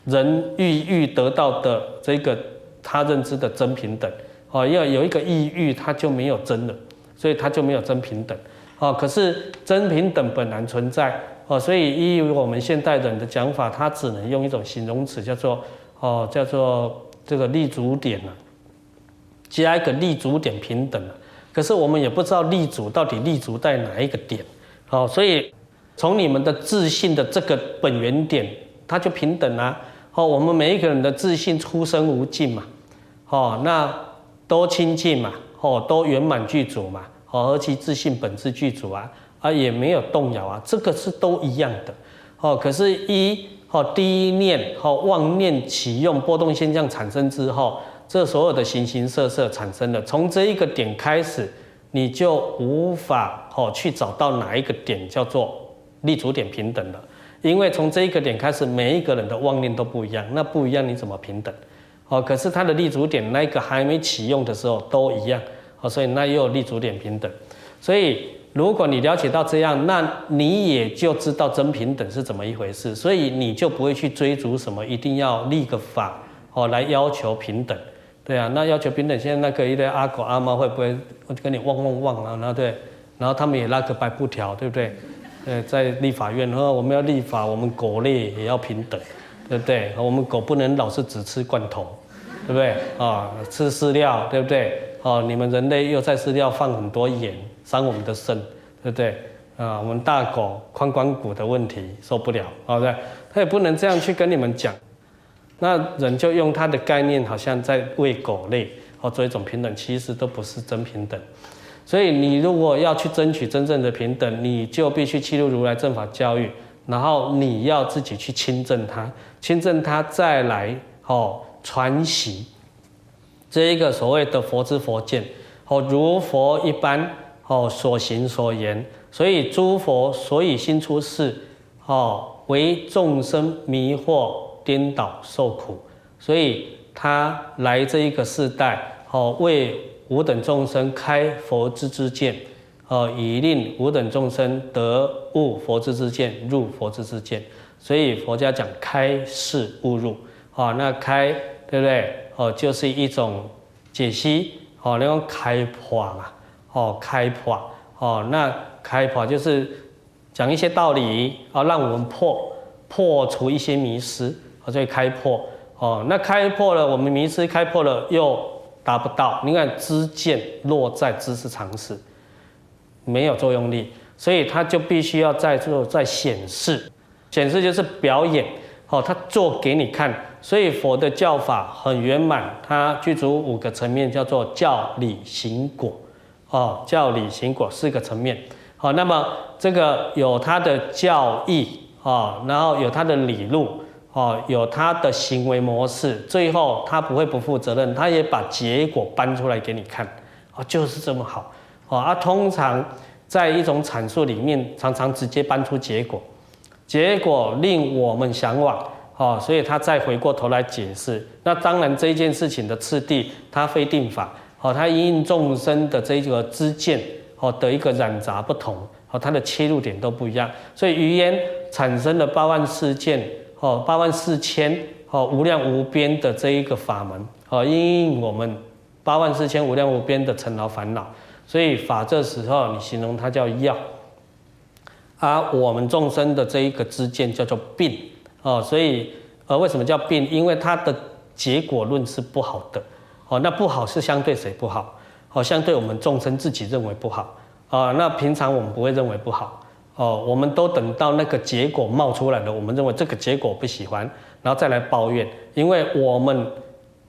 人欲欲得到的這個他認知的真平等，哦，要有一個意欲，他就沒有真了。所以他就沒有真平等，好、哦，可是真平等本然存在，哦，所以依我們現代人的講法，他只能用一種形容詞，叫做哦，叫做這個立足點吶，加一個立足點平等，可是我們也不知道立足到底立足在哪一個點，好、哦，所以從你們的自信的這個本源點，它就平等了、啊、哦，我們每一個人的自信出生無盡嘛，哦，那多親近嘛。哦，都圓滿具足嘛，哦，何其自信本自具足啊，啊，也沒有動搖啊，這個是都一樣的。哦，可是，一，哦，第一念，哦，妄念啟用，波動現象產生之後，這所有的形形色色產生了。從這一個點開始，你就無法哦去找到哪一個點叫做立足點平等了，因為從這一個點開始，每一個人的妄念都不一樣，那不一樣你怎麼平等？哦，可是它的立足點那個還沒啟用的時候都一樣，所以那又有立足點平等，所以如果你了解到這樣，那你也就知道真平等是怎麼一回事，所以你就不會去追逐什麼一定要立個法，哦，來要求平等，對啊，那要求平等，現在那個一堆阿狗阿貓會不會我就跟你汪汪汪啊。然後對，然後他們也拉個白布條，對不對？呃，在立法院，然後我們要立法，我們狗類也要平等。對不對？我們狗不能老是只吃罐頭，對不對？啊、哦，吃飼料，對不對？啊、哦，你們人類又在飼料放很多鹽，傷我們的腎，對不對？啊、哦，我們大狗髖關節的問題受不了，對不對？他也不能這樣去跟你們講。那人就用他的概念，好像在餵狗類，或、哦、做一種平等，其實都不是真平等。所以你如果要去爭取真正的平等，你就必須契入如來正法教育。然後你要自己去親證他，親證他再來哦傳習這一個所謂的佛之佛見，哦如佛一般哦所行所言，所以諸佛所以興出世哦為眾生迷惑顛倒受苦，所以他來這一個世代哦為吾等眾生開佛之之見。呃，以令吾等眾生得悟佛之之見，入佛之之見。所以佛家講開示悟入。啊，那開，對不對？哦，就是一種解析。哦，那種開破嘛。哦，開破。哦，那開破就是講一些道理啊，讓我們破破除一些迷失。啊，所以開破。哦，那開破了，我們迷失開破了又達不到。你看，知見落在知識常識。沒有作用力，所以他就必須要在做在顯示，顯示就是表演，哦，他做給你看。所以佛的教法很圓滿，它具足五個層面，叫做教理行果，哦，教理行果四個層面，哦，那麼這個有他的教義，哦，然後有他的理路哦，有他的行為模式，最後他不會不負責任，他也把結果搬出來給你看，哦，就是這麼好。啊，通常在一種闡述裡面，常常直接搬出結果，結果令我們嚮往，啊、哦，所以他再回過頭來解釋。那當然，這一件事情的次第，他非定法，好、哦，他因應眾生的這個知見，好、哦，的一個染雜不同，和、哦、它的切入點都不一樣。所以，於焉產生了八萬四千，好、哦，八萬四千，好，無量無邊的這一個法門，好、哦，因應我們八萬四千無量無邊的塵勞煩惱。所以法這時候你形容它叫藥，而、啊、我們眾生的這一個知見叫做病哦。所以呃為什麼叫病？因為它的結果論是不好的哦。那不好是相對誰不好？哦，相對我們眾生自己認為不好啊、哦。那平常我們不會認為不好哦。我們都等到那個結果冒出來了，我們認為這個結果不喜歡，然後再來抱怨。因為我們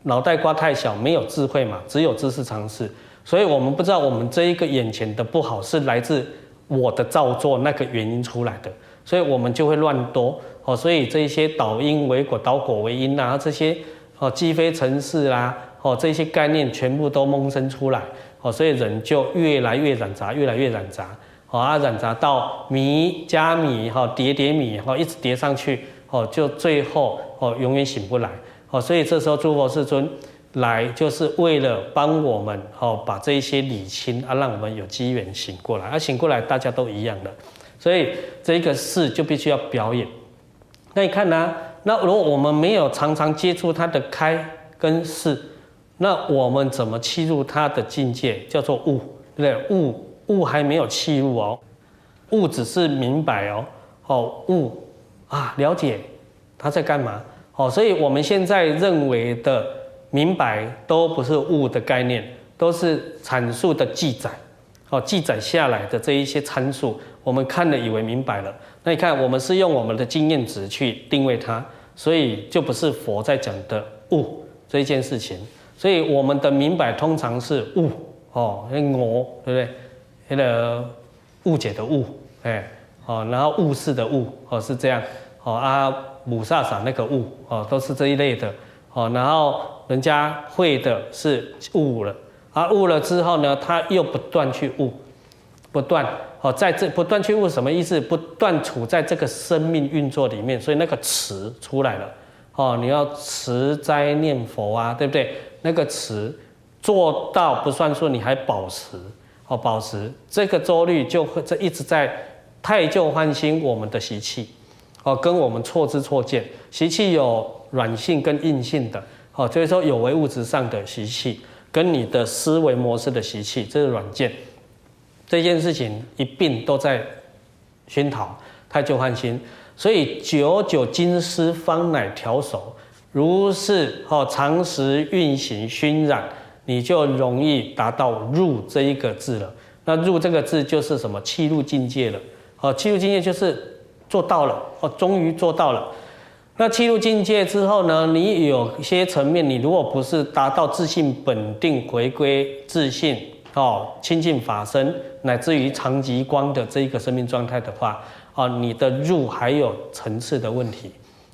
腦袋瓜太小，沒有智慧嘛，只有知識常識。所以我們不知道，我們這一個眼前的不好是來自我的造作那個原因出來的，所以我們就會亂多哦。所以這些倒因為果，倒果為因啊，這些哦，積非成是啦，哦，這些概念全部都萌生出來哦，所以人就越來越染雜，越來越染雜好啊，染雜到迷加迷，哈，疊疊迷，哈，一直疊上去哦，就最後哦，永遠醒不來哦，所以這時候諸佛世尊。來就是為了幫我們，好、哦、把這一些理清啊，讓我們有機緣醒過來。啊，醒過來大家都一樣的，所以這個事就必須要表演。那你看呢、啊？那如果我們沒有常常接觸它的開跟釋，那我們怎麼契入它的境界？叫做悟，對不對？悟還沒有契入哦，悟只是明白哦，好、哦、悟啊，了解它在幹嘛。好、哦，所以我們現在認為的。明白都不是物的概念，都是闡述的記載，哦，記載下來的這一些參數，我們看了以為明白了。那你看，我們是用我們的經驗值去定位它，所以就不是佛在講的物這一件事情。所以我們的明白通常是物哦，我、嗯、對不對？那個誤解的物，哎，哦，然後物事的物哦是這樣，哦阿姆薩薩那個物哦都是這一類的。哦，然後人家會的是悟了，而悟了之後呢，他又不斷去悟，不斷哦，在這不斷去悟什麼意思？不斷處在這個生命運作裡面，所以那個持出來了哦，你要持齋念佛啊，對不對？那個持做到不算數，你還保持哦，保持這個周律就會這一直在汰舊換新我們的習氣哦，跟我們錯知錯見習氣有。軟性跟硬性的，所以說有為物質上的習氣跟你的思維模式的習氣，這是軟件，這件事情一併都在熏陶，汰舊換新。所以久久金絲方乃調熟。如是哦，長時運行熏染，你就容易達到入這一個字了。那入這個字就是什麼？契入境界了。好，契入境界就是做到了，哦，終於做到了。那契入境界之後呢？你有些層面，你如果不是達到自信本定、回歸自信、哦，清淨法身，乃至於常寂光的這一個生命狀態的話，啊、哦，你的入還有層次的問題，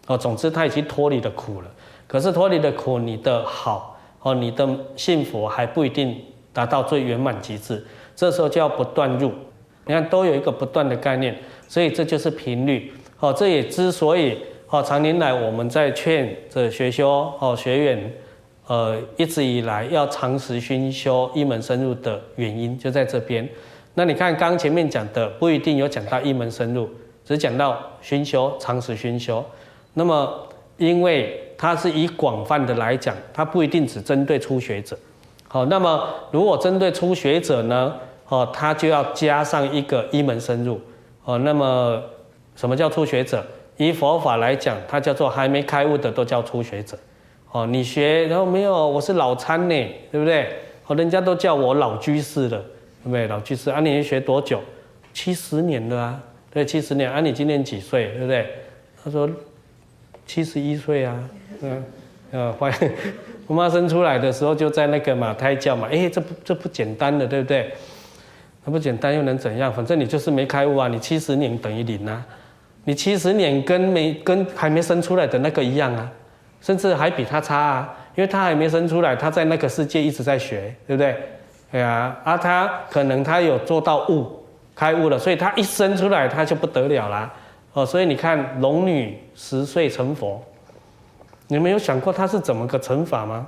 哦，總之他已經脫離的苦了。可是脫離的苦，你的好，哦，你的幸福還不一定達到最圓滿極致。這時候就要不斷入。你看，都有一個不斷的概念，所以這就是頻率。哦，這也之所以。哦，常年來我們在勸這學修哦學員，呃，一直以來要長時熏修一門深入的原因就在這邊。那你看剛前面講的不一定有講到一門深入，只講到熏修長時熏修。那麼因為它是以廣泛的來講，它不一定只針對初學者。好、哦，那麼如果針對初學者呢，哦，它就要加上一個一門深入。哦，那麼什麼叫初學者？以佛法來講，他叫做還沒開悟的都叫初學者，哦，你學然後沒有，我是老參呢，對不對？人家都叫我老居士了，對不對？老居士，啊，你學多久？七十年了啊，對，七十年。啊，你今年幾歲？對不對？他說七十一歲啊，嗯，呃，懷，我媽生出來的時候就在那個馬胎教嘛，哎，這不這不簡單的，對不對？那不簡單又能怎樣？反正你就是沒開悟啊，你七十年等於零啊。你七十年跟沒跟還沒生出來的那個一樣啊，甚至還比他差啊，因為他還沒生出來，他在那個世界一直在學，對不對？對啊，啊，他可能他有做到悟，開悟了，所以他一生出來他就不得了啦。哦，所以你看龍女十歲成佛，你有沒有想過他是怎麼個成法嗎？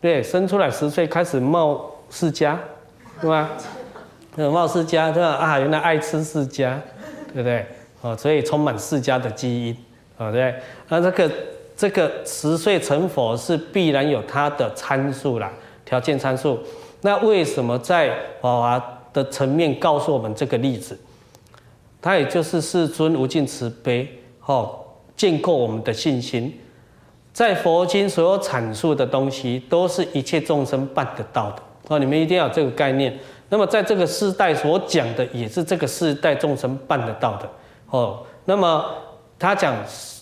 對，生出來十歲開始冒釋迦，對吧？ (laughs) 冒釋迦，對吧？啊，原來愛吃釋迦，對不對？哦，所以充滿釋迦的基因，啊對，那這個這個十歲成佛是必然有它的參數啦，條件參數。那為什麼在娃娃的層面告訴我們這個例子？它也就是世尊無盡慈悲，哦，建構我們的信心。在佛經所有闡述的東西，都是一切眾生辦得到的。哦，你們一定要有這個概念。那麼在這個世代所講的，也是這個世代眾生辦得到的。哦，那麼他講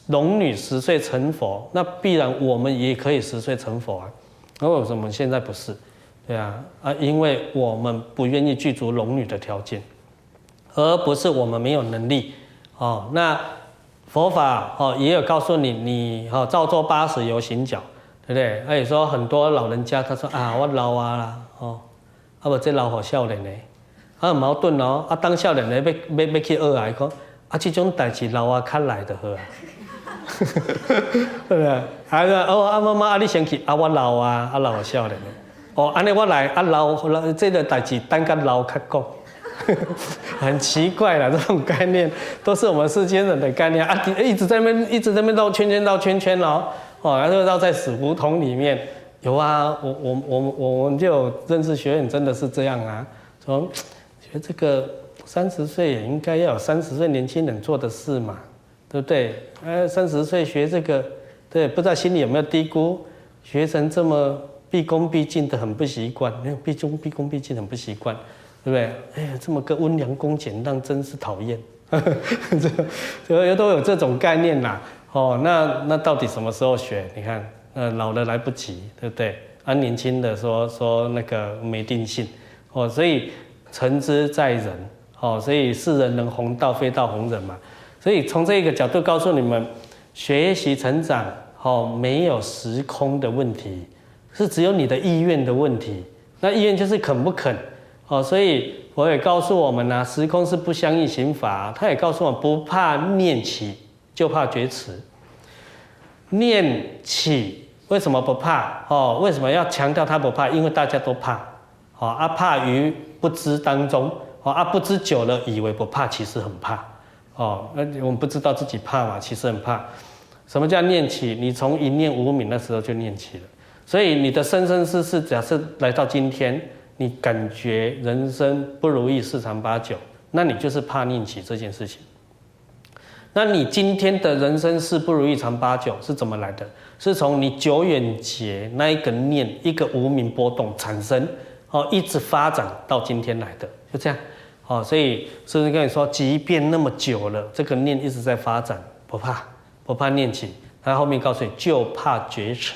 龍女十歲成佛，那必然我們也可以十歲成佛啊？那為什麼現在不是？對啊，啊，因為我們不願意具足龍女的條件，而不是我們沒有能力。哦，那佛法哦也有告訴你，你哦照做八十有行腳，對不對？還有說很多老人家他說啊我老啊啦，哦，啊不這老好少年呢，啊很矛盾哦，啊當笑臉呢被被被去二癌。個。啊，這種代志老 (laughs) 啊，較來的呵。呵呵，哈哈哈對啊，哎哦，阿媽媽，阿你先去，啊，我老啊，啊，老笑咧。哦，阿、啊、你我來，啊，老，老老這個代志等個老較講， (laughs) 很奇怪啦，這種概念都是我們世間人的概念啊、欸，一直在那邊，一直在那邊繞圈圈，繞圈圈哦，哦，然後繞在死胡同裡面。有啊，我我我我們就認識學人，真的是這樣啊，從學這個。三十歲也應該要有三十歲年輕人做的事嘛，對不對？哎，三十歲學這個，對，不知道心裡有沒有嘀咕，學成這麼畢恭畢敬的，很不習慣。畢恭畢恭畢敬很不習慣，對不對？哎、欸，這麼個溫良恭儉讓真是討厭。這呵呵，都都有這種概念啦。哦，那那到底什麼時候學？你看，呃，老了來不及，對不對？啊，年輕的說說那個沒定性，哦，所以誠之在人。哦，所以世人能弘道，非道弘人嘛？所以從這一個角度告訴你們，學習成長哦，沒有時空的問題，是只有你的意願的問題。那意願就是肯不肯哦。所以佛也告訴我們啊，時空是不相應刑法。他也告訴我們，不怕念起，就怕覺遲。念起為什麼不怕哦？為什麼要強調他不怕？因為大家都怕。好、哦，阿、啊、怕於不知當中。啊，不知久了以為不怕，其實很怕哦。那我們不知道自己怕嘛？其實很怕。什麼叫念起？你從一念無明那時候就念起了，所以你的生生世世，假設來到今天，你感覺人生不如意事常八九，那你就是怕念起這件事情。那你今天的人生是不如意常八九是怎麼來的？是從你久遠劫那一個念一個無明波動產生，哦，一直發展到今天來的，就這樣。哦，所以師父跟你說，即便那麼久了，這個念一直在發展，不怕，不怕念起。他後面告訴你，就怕覺遲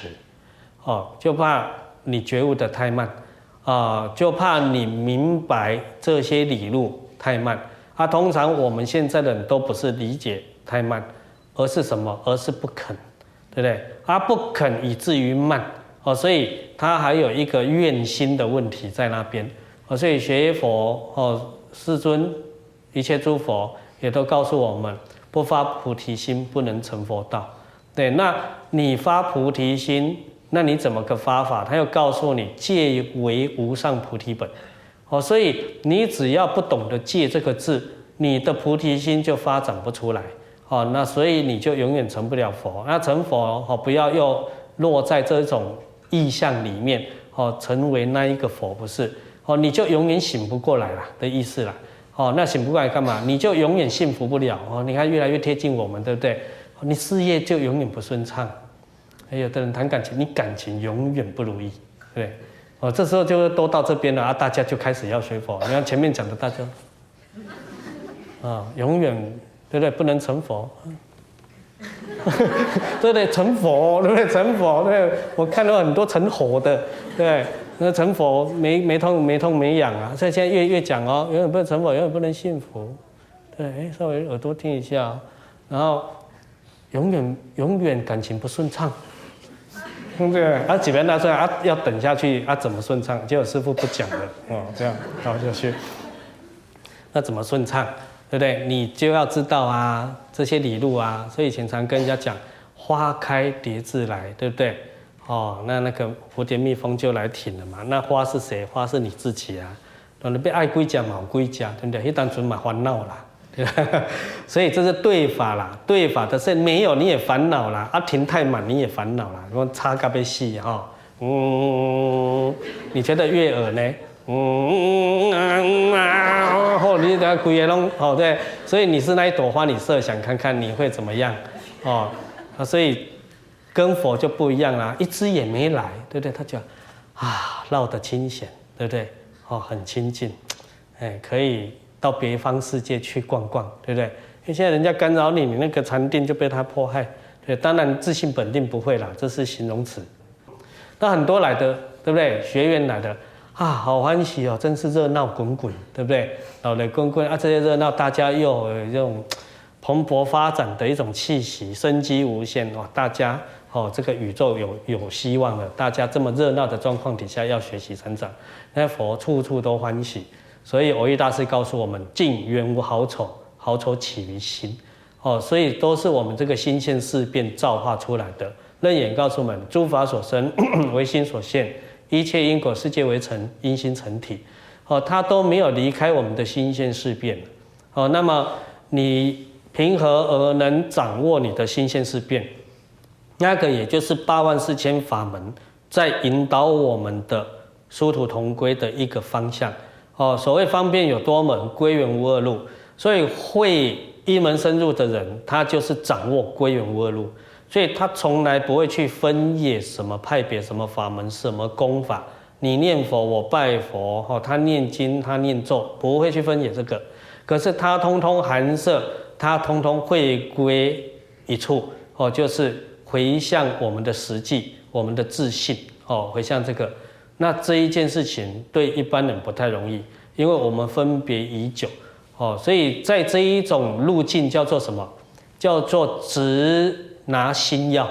哦，就怕你覺悟的太慢，啊、哦，就怕你明白這些理路太慢。啊，通常我們現在的人都不是理解太慢，而是什麼？而是不肯，對不對？啊，不肯以至於慢。哦，所以他還有一個怨心的問題在那邊。哦，所以學佛，哦。世尊，一切諸佛也都告訴我們，不發菩提心不能成佛道。對，那你發菩提心，那你怎麼個發法？他又告訴你，戒為無上菩提本。哦，所以你只要不懂得戒這個字，你的菩提心就發展不出來。哦，那所以你就永遠成不了佛。那成佛哦，不要又落在這種意象裡面哦，成為那一個佛不是？哦，你就永遠醒不過來了的意思了。哦，那醒不過來幹嘛？你就永遠幸福不了。哦，你看越來越貼近我們，對不對？你事業就永遠不順暢。哎，有的人談感情，你感情永遠不如意，對不對？哦，這時候就都到這邊了啊，大家就開始要學佛。你看前面講的大家，啊、哦，永遠對不對？不能成佛， (laughs) 對不對？成佛，對不對？成佛，對不對？我看到很多成佛的，對。那成佛沒沒痛沒痛沒癢啊！所以現在越越講哦，永遠不能成佛，永遠不能幸福。對，哎，稍微耳朵聽一下，哦，然後永遠永遠感情不順暢，對。啊，幾遍他啊，要等下去啊，怎麼順暢？結果師父不講了，哦，這樣，然後就去。那怎麼順暢？對不對？你就要知道啊，這些理路啊。所以經常跟人家講，花開蝶自來，對不對？哦，那那個蝴蝶蜜蜂就來停了嘛？那花是誰？花是你自己啊，不能被愛歸家，惱歸家，對不對？一單純滿煩惱啦，對吧，所以這是對法啦，對法，但是沒有你也煩惱啦，啊，停太滿你也煩惱啦，我擦噶貝細哈，嗯，你覺得悅耳呢？嗯，嗯，嗯啊啊，哦，你的鬼也弄，哦對，所以你是那一朵花，你設想看看你會怎麼樣？哦，啊，所以。跟佛就不一樣啦，啊，一隻也沒來，對不對？他講，啊，落得清閒，對不對？哦，很清淨，哎、欸，可以到別方世界去逛逛，對不對？因為現在人家干擾你，你那個禪定就被他迫害，對，對。當然，自信本定不會啦，這是形容詞。那很多來的，對不對？學員來的，啊，好歡喜哦，真是熱鬧滾滾，對不對？老的滾滾啊，這些熱鬧，大家又有這種蓬勃發展的一種氣息，生機無限哦，大家。哦，這個宇宙有有希望了。大家這麼熱鬧的狀況底下，要學習成長。那佛處處都歡喜，所以永嘉大師告訴我們：境緣無好醜，好醜起於心。哦，所以都是我們這個心性事變造化出來的。楞嚴告訴我們：諸法所生唯 (coughs) 心所現，一切因果世界為成因心成體。哦，他都沒有離開我們的心性事變。哦，那麼你憑何而能掌握你的心性事變？那個也就是八萬四千法門，在引導我們的殊途同歸的一個方向。哦，所謂方便有多門，歸元無二路。所以會一門深入的人，他就是掌握歸元無二路。所以他從來不會去分野什麼派別、什麼法門、什麼功法。你念佛，我拜佛，哦，他念經，他念咒，不會去分野這個。可是他通通含攝，他通通會歸一處。哦，就是。迴向我們的實際，我們的自信哦，回向這個，那這一件事情對一般人不太容易，因為我們分別已久哦，所以在這一種路徑叫做什麼？叫做直拿心藥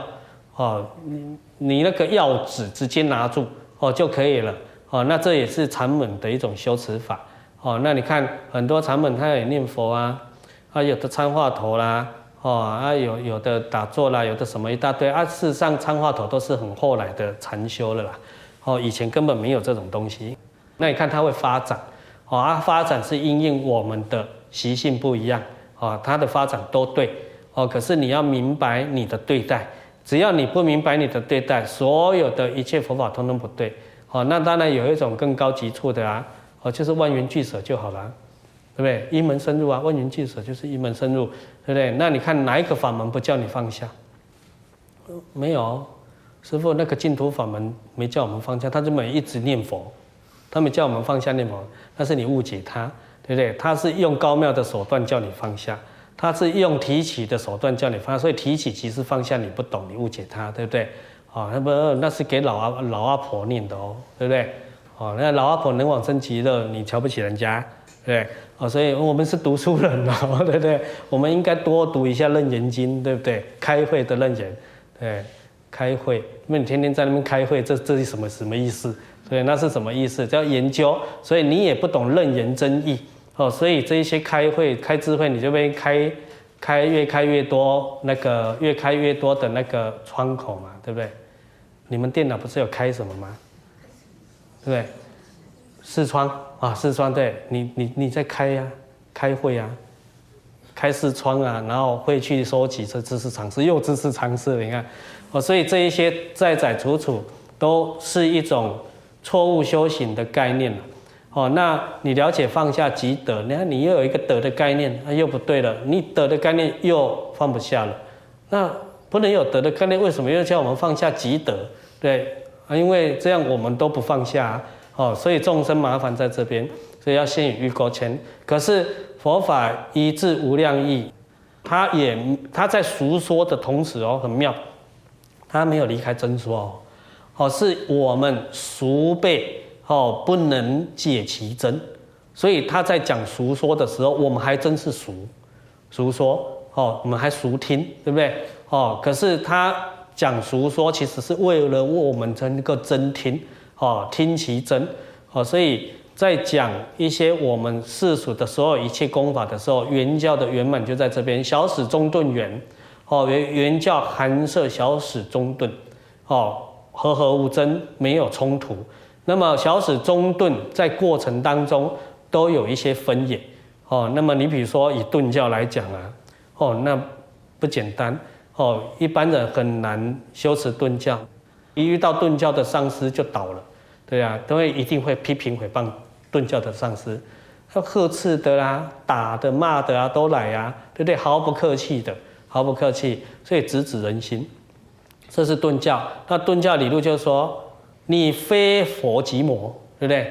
哦，你你那個藥子直接拿住哦，就可以了哦，那這也是禪門的一種修持法哦，那你看很多禪門他也念佛啊，他、啊、有的參話頭啦、啊。哦啊，有有的打坐啦，有的什麼一大堆啊。事實上，參話頭都是很後來的禪修了啦。哦，以前根本沒有這種東西。那你看它會發展，哦啊，發展是因應我們的習性不一樣，哦，它的發展都對。哦，可是你要明白你的對待，只要你不明白你的對待，所有的一切佛法通通不對。哦，那當然有一種更高級處的啊，哦，就是萬緣俱舍就好啦。對不對？一門深入啊，萬緣盡捨就是一門深入，對不對？那你看哪一個法門不叫你放下？呃、沒有、哦，師父那個淨土法門沒叫我們放下，他只每一直念佛，他沒叫我們放下念佛。那是你誤解他，對不對？他是用高妙的手段叫你放下，他是用提起的手段叫你放下。所以提起即是放下，你不懂，你誤解他，對不對？哦，那不，那是給老阿老阿婆念的哦，對不對？哦，那老阿婆能往生極樂，你瞧不起人家。對，哦，所以我們是讀書人哦，對不對？我們應該多讀一下《楞嚴經》，對不對？開慧的楞嚴，對，開慧，那你天天在那邊開會，這這是什麼什麼意思？所以那是什麼意思？叫研究，所以你也不懂楞嚴真義，哦，所以這些開會、開智慧，你就被開，開越開越多，那個越開越多的那個窗口嘛，對不對？你們電腦不是有開什麼嗎？對不對？視窗。啊，四川對，你你你在開呀、啊，開會啊，開四川啊，然後會去收集這知識常識，又知識常識，你看，哦，所以這一些在在處處都是一種錯誤修行的概念哦，那你了解放下即得，你看你又有一個得的概念，那、啊、又不對了，你得的概念又放不下了，那不能有得的概念，為什麼又叫我們放下即得？對，啊，因為這樣我們都不放下、啊。哦，所以眾生麻煩，在這邊，所以要先以欲鉤牽。可是佛法一致無量義，他也他在俗說的同時哦，很妙，他沒有離開真說哦，是我們俗背不能解其真。所以他在講俗說的時候，我們還真是俗俗說哦，我們還俗聽，對不對？哦，可是他講俗說，其實是為了我們的一個真聽。哦，聽其真，哦，所以在講一些我們世俗的所有一切功法的時候，圓教的圓滿就在這邊。小始終頓圓，哦，圓圓教含攝小始終頓，哦，和合，合無諍，沒有衝突。那麼小始終頓在過程當中都有一些分野，哦，那麼你比如說以頓教來講啊，哦，那不簡單，哦，一般人很難修持頓教，一遇到頓教的上師就倒了。對啊，都會一定會批評毀謗頓教的上師，他呵斥的啦、啊、打的、罵的啊，都來呀、啊，對不對？毫不客氣的，毫不客氣，所以直指人心。這是頓教，那頓教理路就是說你非佛即魔，對不對？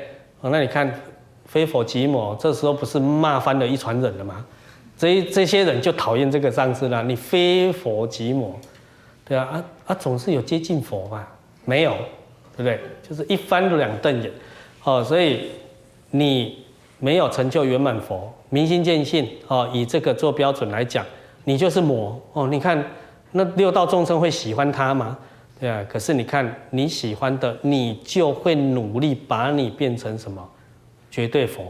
哦，那你看非佛即魔，這時候不是罵翻了一船人了嗎？所以這，這些人就討厭這個上師了。你非佛即魔，對啊，啊啊，總是有接近佛嘛，沒有。對不對？就是一翻兩瞪眼，哦，所以你沒有成就圓滿佛，明心見性，哦，以這個做標準來講，你就是魔，哦，你看那六道眾生會喜歡他嗎？對啊，可是你看你喜歡的，你就會努力把你變成什麼？絕對佛，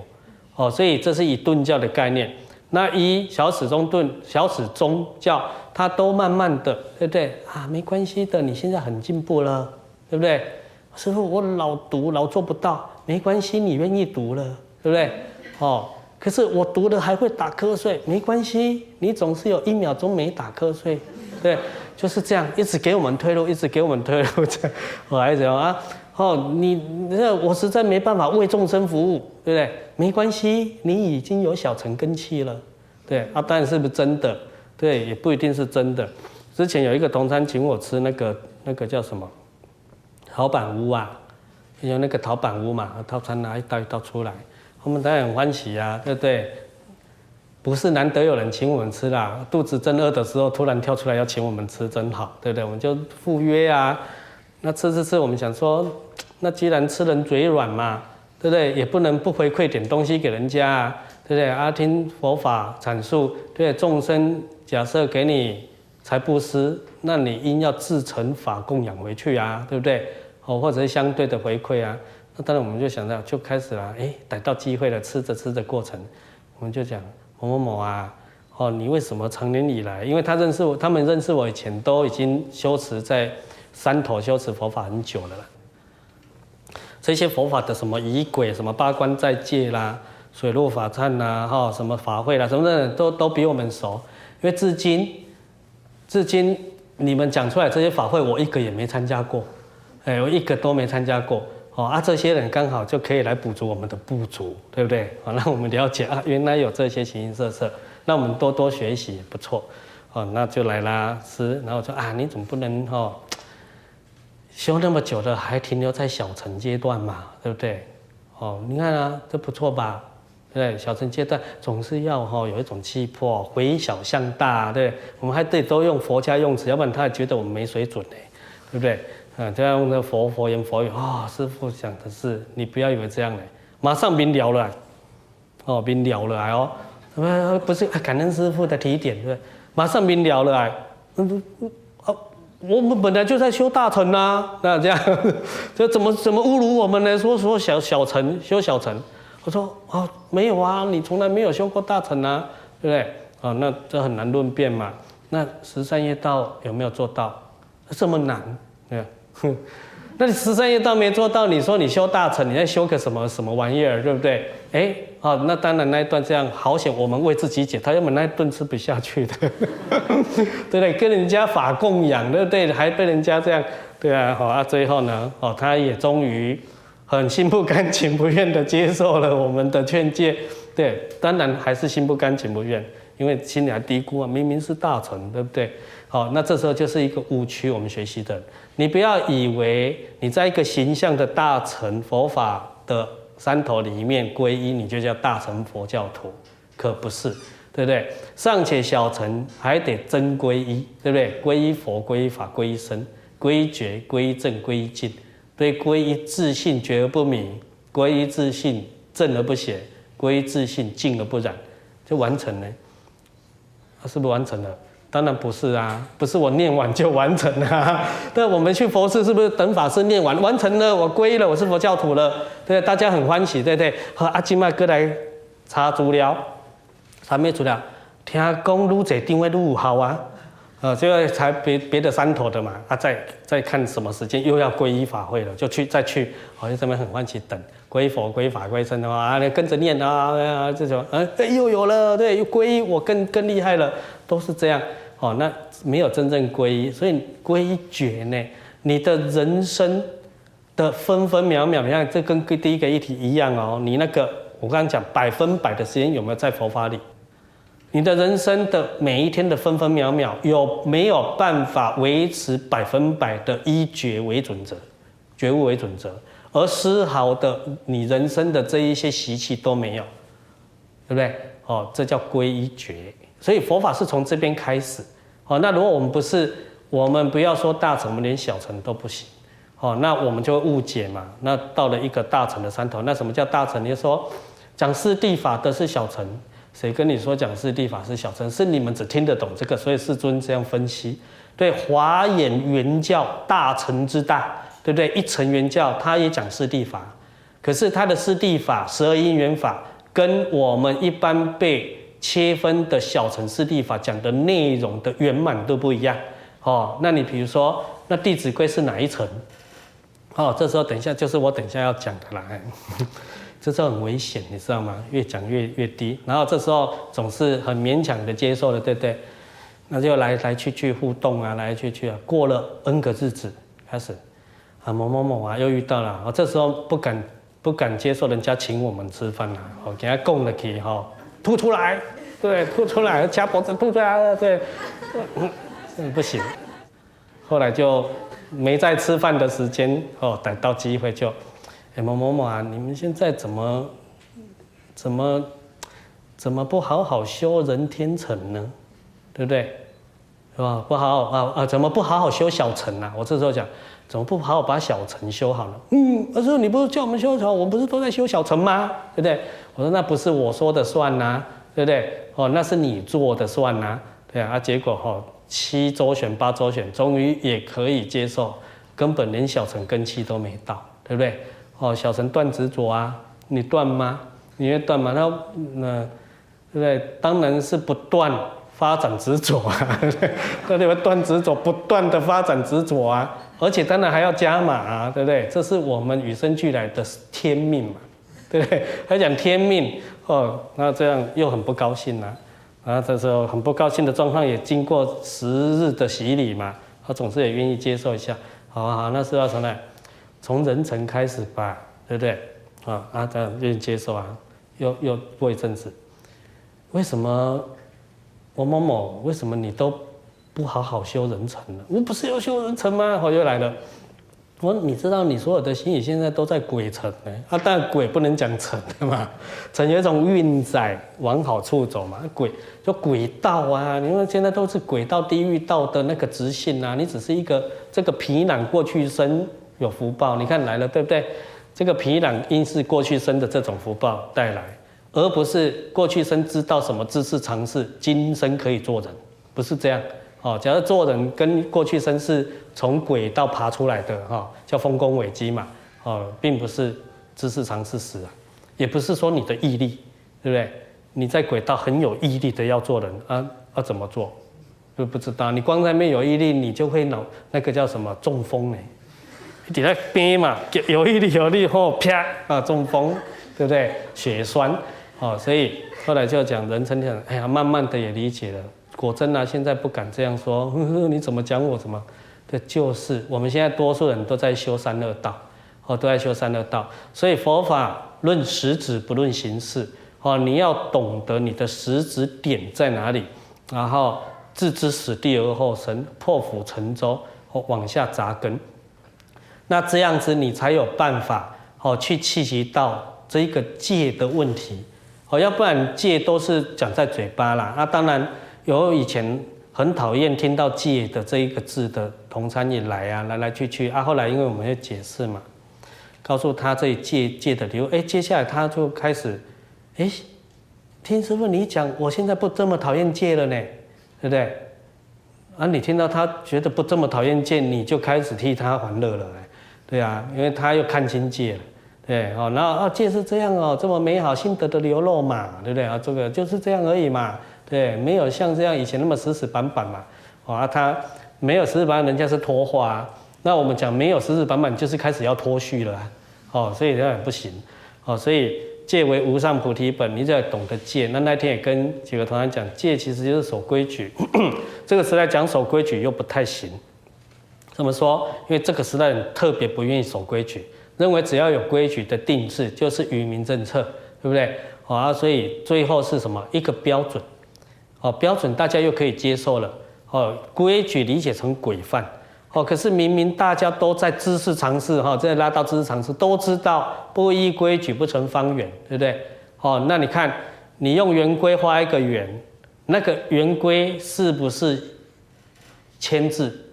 哦，所以這是以頓教的概念，那一小始終頓小始終教，它都慢慢的，對不對？啊，沒關係的，你現在很進步了，對不對？師父，我老讀老做不到，沒關係，你願意讀了，對不對？哦，可是我讀了還會打瞌睡，沒關係，你總是有一秒鐘沒打瞌睡，對，就是這樣，一直給我們退路，一直給我們退路。這我兒樣好啊，哦，你那我實在沒辦法為眾生服務，對不對？沒關係，你已經有小乘根器了，對，阿、啊、但是不是真的？對，也不一定是真的。之前有一個同參請我吃那個那個叫什麼？陶板屋啊，有那個陶板屋嘛，套餐拿、啊、一道一道出來，我們當然很歡喜呀、啊，對不對？不是難得有人請我們吃啦，肚子真餓的時候突然跳出來要請我們吃，真好，對不對？我們就赴約啊。那吃吃吃，我們想說，那既然吃人嘴軟嘛，對不對？也不能不回饋點東西給人家，啊，對不對？阿、啊、聽佛法闡述，對不對？眾生假設給你。才布施，那你應要自成法供養回去啊，對不對？哦，或者是相對的回饋啊。那當然，我們就想到就開始了，哎，逮到機會了，吃着吃着過程，我們就講某某某啊，哦，你為什麼成年以來？因為他認識我，他們認識我以前都已經修持在山頭修持佛法很久了啦。這些佛法的什麼儀軌、什麼八關齋戒啦、水陸法懺啦、啊、哈、哦、什麼法會啦，什麼的都都比我們熟，因為至今。至今你們講出來這些法會，我一個也沒參加過，哎、欸，我一個都沒參加過。哦啊，這些人剛好就可以來補足我們的不足，對不對？好、哦，讓我們了解啊，原來有這些形形色色，那我們多多學習也不錯。哦，那就來啦，師，然後說啊，你總不能哦？修那麼久了，還停留在小乘階段嘛，對不對？哦，你看啊，這不錯吧？對，小乘階段總是要哈、哦、有一種氣魄、哦，回小向大。對我們還得都用佛家用詞，要不然他也覺得我們沒水準嘞，對不對？啊、嗯，這樣用的佛佛言佛語啊、哦，師父講的是，你不要以為這樣嘞，馬上明了了，哦，明了了啊！哦，不是，感恩師父的提點，對馬上明了了啊！嗯嗯啊，我們本來就在修大乘啊，那這樣，這怎麼怎麼侮辱我們呢？說說小小乘，修小乘。我說哦，沒有啊，你從來沒有修過大乘啊，對不對？哦，那這很難論辯嘛。那十三業道有沒有做到？這麼難？對吧哼。那你十三業道沒做到，你說你修大乘，你在修個什麼什麼玩意兒，對不對？哎，哦，那當然那一段這樣，好險我們為自己解，他要麼那一頓吃不下去的，對 (laughs) 不對？跟人家法供養，對不對？還被人家這樣，對啊，好、哦、啊，最後呢，哦，他也終於。很心不甘情不願地接受了我們的勸誡，對，當然還是心不甘情不願，因為心裡還嘀咕啊，明明是大乘，對不對？好，那這時候就是一個誤區，我們學習的，你不要以為你在一個形象的大乘佛法的山頭裡面皈依，你就叫大乘佛教徒，可不是，對不對？尚且小乘還得真皈依，對不對？皈依佛、皈依法、皈依僧，皈覺、皈正、皈淨。所以皈依自信，覺而不迷。皈依自信，正而不邪；皈依自信，靜而不染，就完成了。他、啊、是不是完成了？當然不是啊，不是我念完就完成了、啊。那 (laughs) 我們去佛寺，是不是等法師念完完成了，我皈依了，我是佛教徒了？對，大家很歡喜，對不對？和阿金麥哥來擦足療，擦滅足療，聽公路者定位路好啊。呃，這個、哦，才別別的山頭的嘛，他、啊、再再看什麼時間又要皈依法會了，就去再去，好、哦、像這邊很歡喜等皈佛、皈法、皈僧的話，跟着念啊啊，啊這種，啊，哎，又有了，對，又皈依我更更厲害了，都是這樣哦。那沒有真正皈依，所以皈覺呢，你的人生的分分秒秒，你看這跟第一個議題一樣哦，你那個我剛剛講百分百的時間有沒有在佛法裡？你的人生的每一天的分分秒秒，有沒有辦法維持百分百的依覺為準則、覺悟為準則，而絲毫的你人生的這一些習氣都沒有，對不對？哦，這叫歸依覺。所以佛法是從這邊開始。哦，那如果我們不是，我們不要說大乘，我們連小乘都不行。哦，那我們就誤解嘛。那到了一個大乘的山頭，那什麼叫大乘？你就說講四諦法的是小乘。誰跟你說講四諦法是小乘？是你們只聽得懂這個，所以世尊這樣分析。對，華嚴圓教大乘之大，對不對？一乘圓教，他也講四諦法，可是他的四諦法、十二因緣法，跟我們一般被切分的小乘四諦法講的內容的圓滿都不一樣哦。那你比如說，那《弟子規》是哪一層？哦，這時候等一下就是我等一下要講的啦。來 (laughs) 這時候很危險，你知道嗎？越講越越低，然後這時候總是很勉強的接受了，對不對？那就來來去去互動啊，來去去啊，過了 n 個日子，開始啊某某某啊又遇到了，我這時候不敢不敢接受人家請我們吃飯啊，我給他供了以吼吐出來，對，吐出來掐脖子，吐出來，對，嗯，嗯不行，後來就沒在吃飯的時間哦，逮到機會就。哎、欸，某某某啊，你們現在怎麼怎麼怎麼不好好修人天乘呢？對不對？是吧？不好好啊啊，怎麼不好好修小乘啊？我這時候講，怎麼不好好把小乘修好了？嗯，阿叔，你不是叫我們修乘？我不是都在修小乘嗎？對不對？我說那不是我說的算吶、啊，對不對？哦，那是你做的算吶、啊，對啊。啊結果哦，七周旋八周旋，終於也可以接受，根本連小乘根基都沒到，對不對？哦，小陳斷執着啊，你斷嗎？你願斷嗎？那那，對不對？當然是不斷發展執着啊，對不對？斷執着不斷的發展執着啊，而且當然還要加碼啊，對不對？這是我們與生俱來的天命嘛，對不對？還講天命哦，那這樣又很不高興了啊，然後這時候很不高興的狀況也經過時日的洗禮嘛，他總是也願意接受一下，好啊好，那是要什麼呢？從人乘開始吧，對不對？啊啊，這樣願意接受啊？又又過一陣子，為什麼我某、某某？為什麼你都不好好修人乘呢？我不是要修人乘嗎？我又來了。我，你知道你所有的心裡現在都在鬼乘呢？欸。啊，但鬼不能講乘的嘛，乘有一種運載往好處走嘛，啊，鬼就鬼道啊。你因為現在都是鬼道地獄道的那個直線啊，你只是一個這個皮囊過去生有福報，你看來了，對不對？這個皮囊因是過去生的這種福報帶來，而不是過去生知道什麼知識常識，今生可以做人，不是這樣。哦，假如做人跟過去生是從鬼道爬出來的哈，叫豐功偉績嘛，哦，並不是知識常識時啊，也不是說你的毅力，對不對？你在鬼道很有毅力的要做人啊，要怎麼做？不不知道，你光在沒有毅力，你就會腦那個叫什麼中風誒。在那病嘛，就油膩有油膩，吼啪啊中風，對不對？血栓，哦，所以後來就講人稱講，哎呀，慢慢的也理解了。果真啊，現在不敢這樣說，呵呵你怎麼講我怎麼？對，這就是我們現在多數人都在修三惡道，哦，都在修三惡道。所以佛法論實質不論形式，哦，你要懂得你的實質點在哪裡，然後置之死地而後生，破釜沉舟，哦，往下扎根。那這樣子你才有辦法，好去契機到這一個戒的問題，好，要不然戒都是講在嘴巴啦、啊。那當然有以前很討厭聽到戒的這一個字的同參也來啊，來來去去啊。後來因為我們要解釋嘛，告訴他這裡戒、戒的理由。哎，接下來他就開始，哎，聽師父你講，我現在不這麼討厭戒了呢、欸，對不對？啊，你聽到他覺得不這麼討厭戒，你就開始替他還樂了、欸。對啊，因為他又看清戒了，對哦，然後啊戒是這樣哦，這麼美好心得的流露嘛，對不對啊？這個就是這樣而已嘛，對，沒有像這樣以前那麼死死板板嘛，哦、啊他沒有死死板板，人家是脫花、啊，那我們講沒有死死板板就是開始要脫序了、啊，哦，所以這樣也不行，哦，所以戒為無上菩提本，你只要懂得戒。那那天也跟幾個同學講，戒其實就是守規矩，咳咳這個時代講守規矩又不太行。怎麼說？因為這個時代特別不願意守規矩，認為只要有規矩的定制就是愚民政策，對不對？好啊，所以最後是什麼？一個標準，好標準大家又可以接受了。好，規矩理解成規範，好，可是明明大家都在知識常識，哈，在拉到知識常識都知道，不依規矩不成方圓，對不對？好，那你看，你用圓規畫一個圓，那個圓規是不是簽字？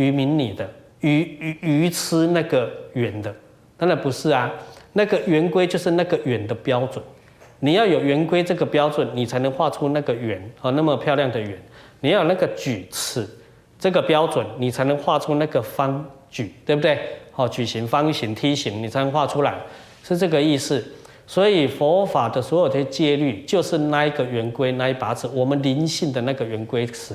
愚民，你的愚愚愚癡那個圓的，當然不是啊。那個圓規就是那個圓的標準，你要有圓規這個標準，你才能畫出那個圓，好，那麼漂亮的圓。你要有那個矩尺這個標準，你才能畫出那個方矩，對不對？好，矩形、方形、梯形，你才能畫出來，是這個意思。所以佛法的所有的戒律就是那一個圓規，那一把尺，我們靈性的那個圓規尺。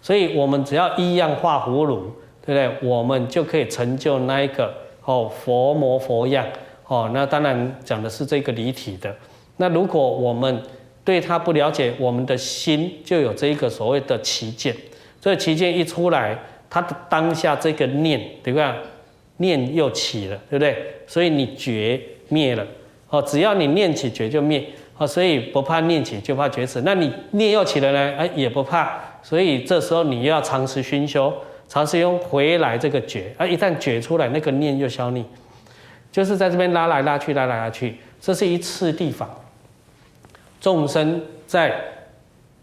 所以我們只要依樣畫葫蘆。對不對？我們就可以成就那一個哦，佛模佛樣哦。那當然講的是這個離體的。那如果我們對它不了解，我們的心就有這一個所謂的起見。這起見一出來，它的當下這個念對不對？念又起了，對不對？所以你覺滅了哦，只要你念起覺就滅哦。所以不怕念起，就怕覺遲。那你念又起了呢？哎，也不怕。所以這時候你又要長時薰修。嘗試用回來這個覺，而一旦覺出來，那個念就消匿。就是在這邊拉來拉去，拉來拉去，這是一次第法。眾生在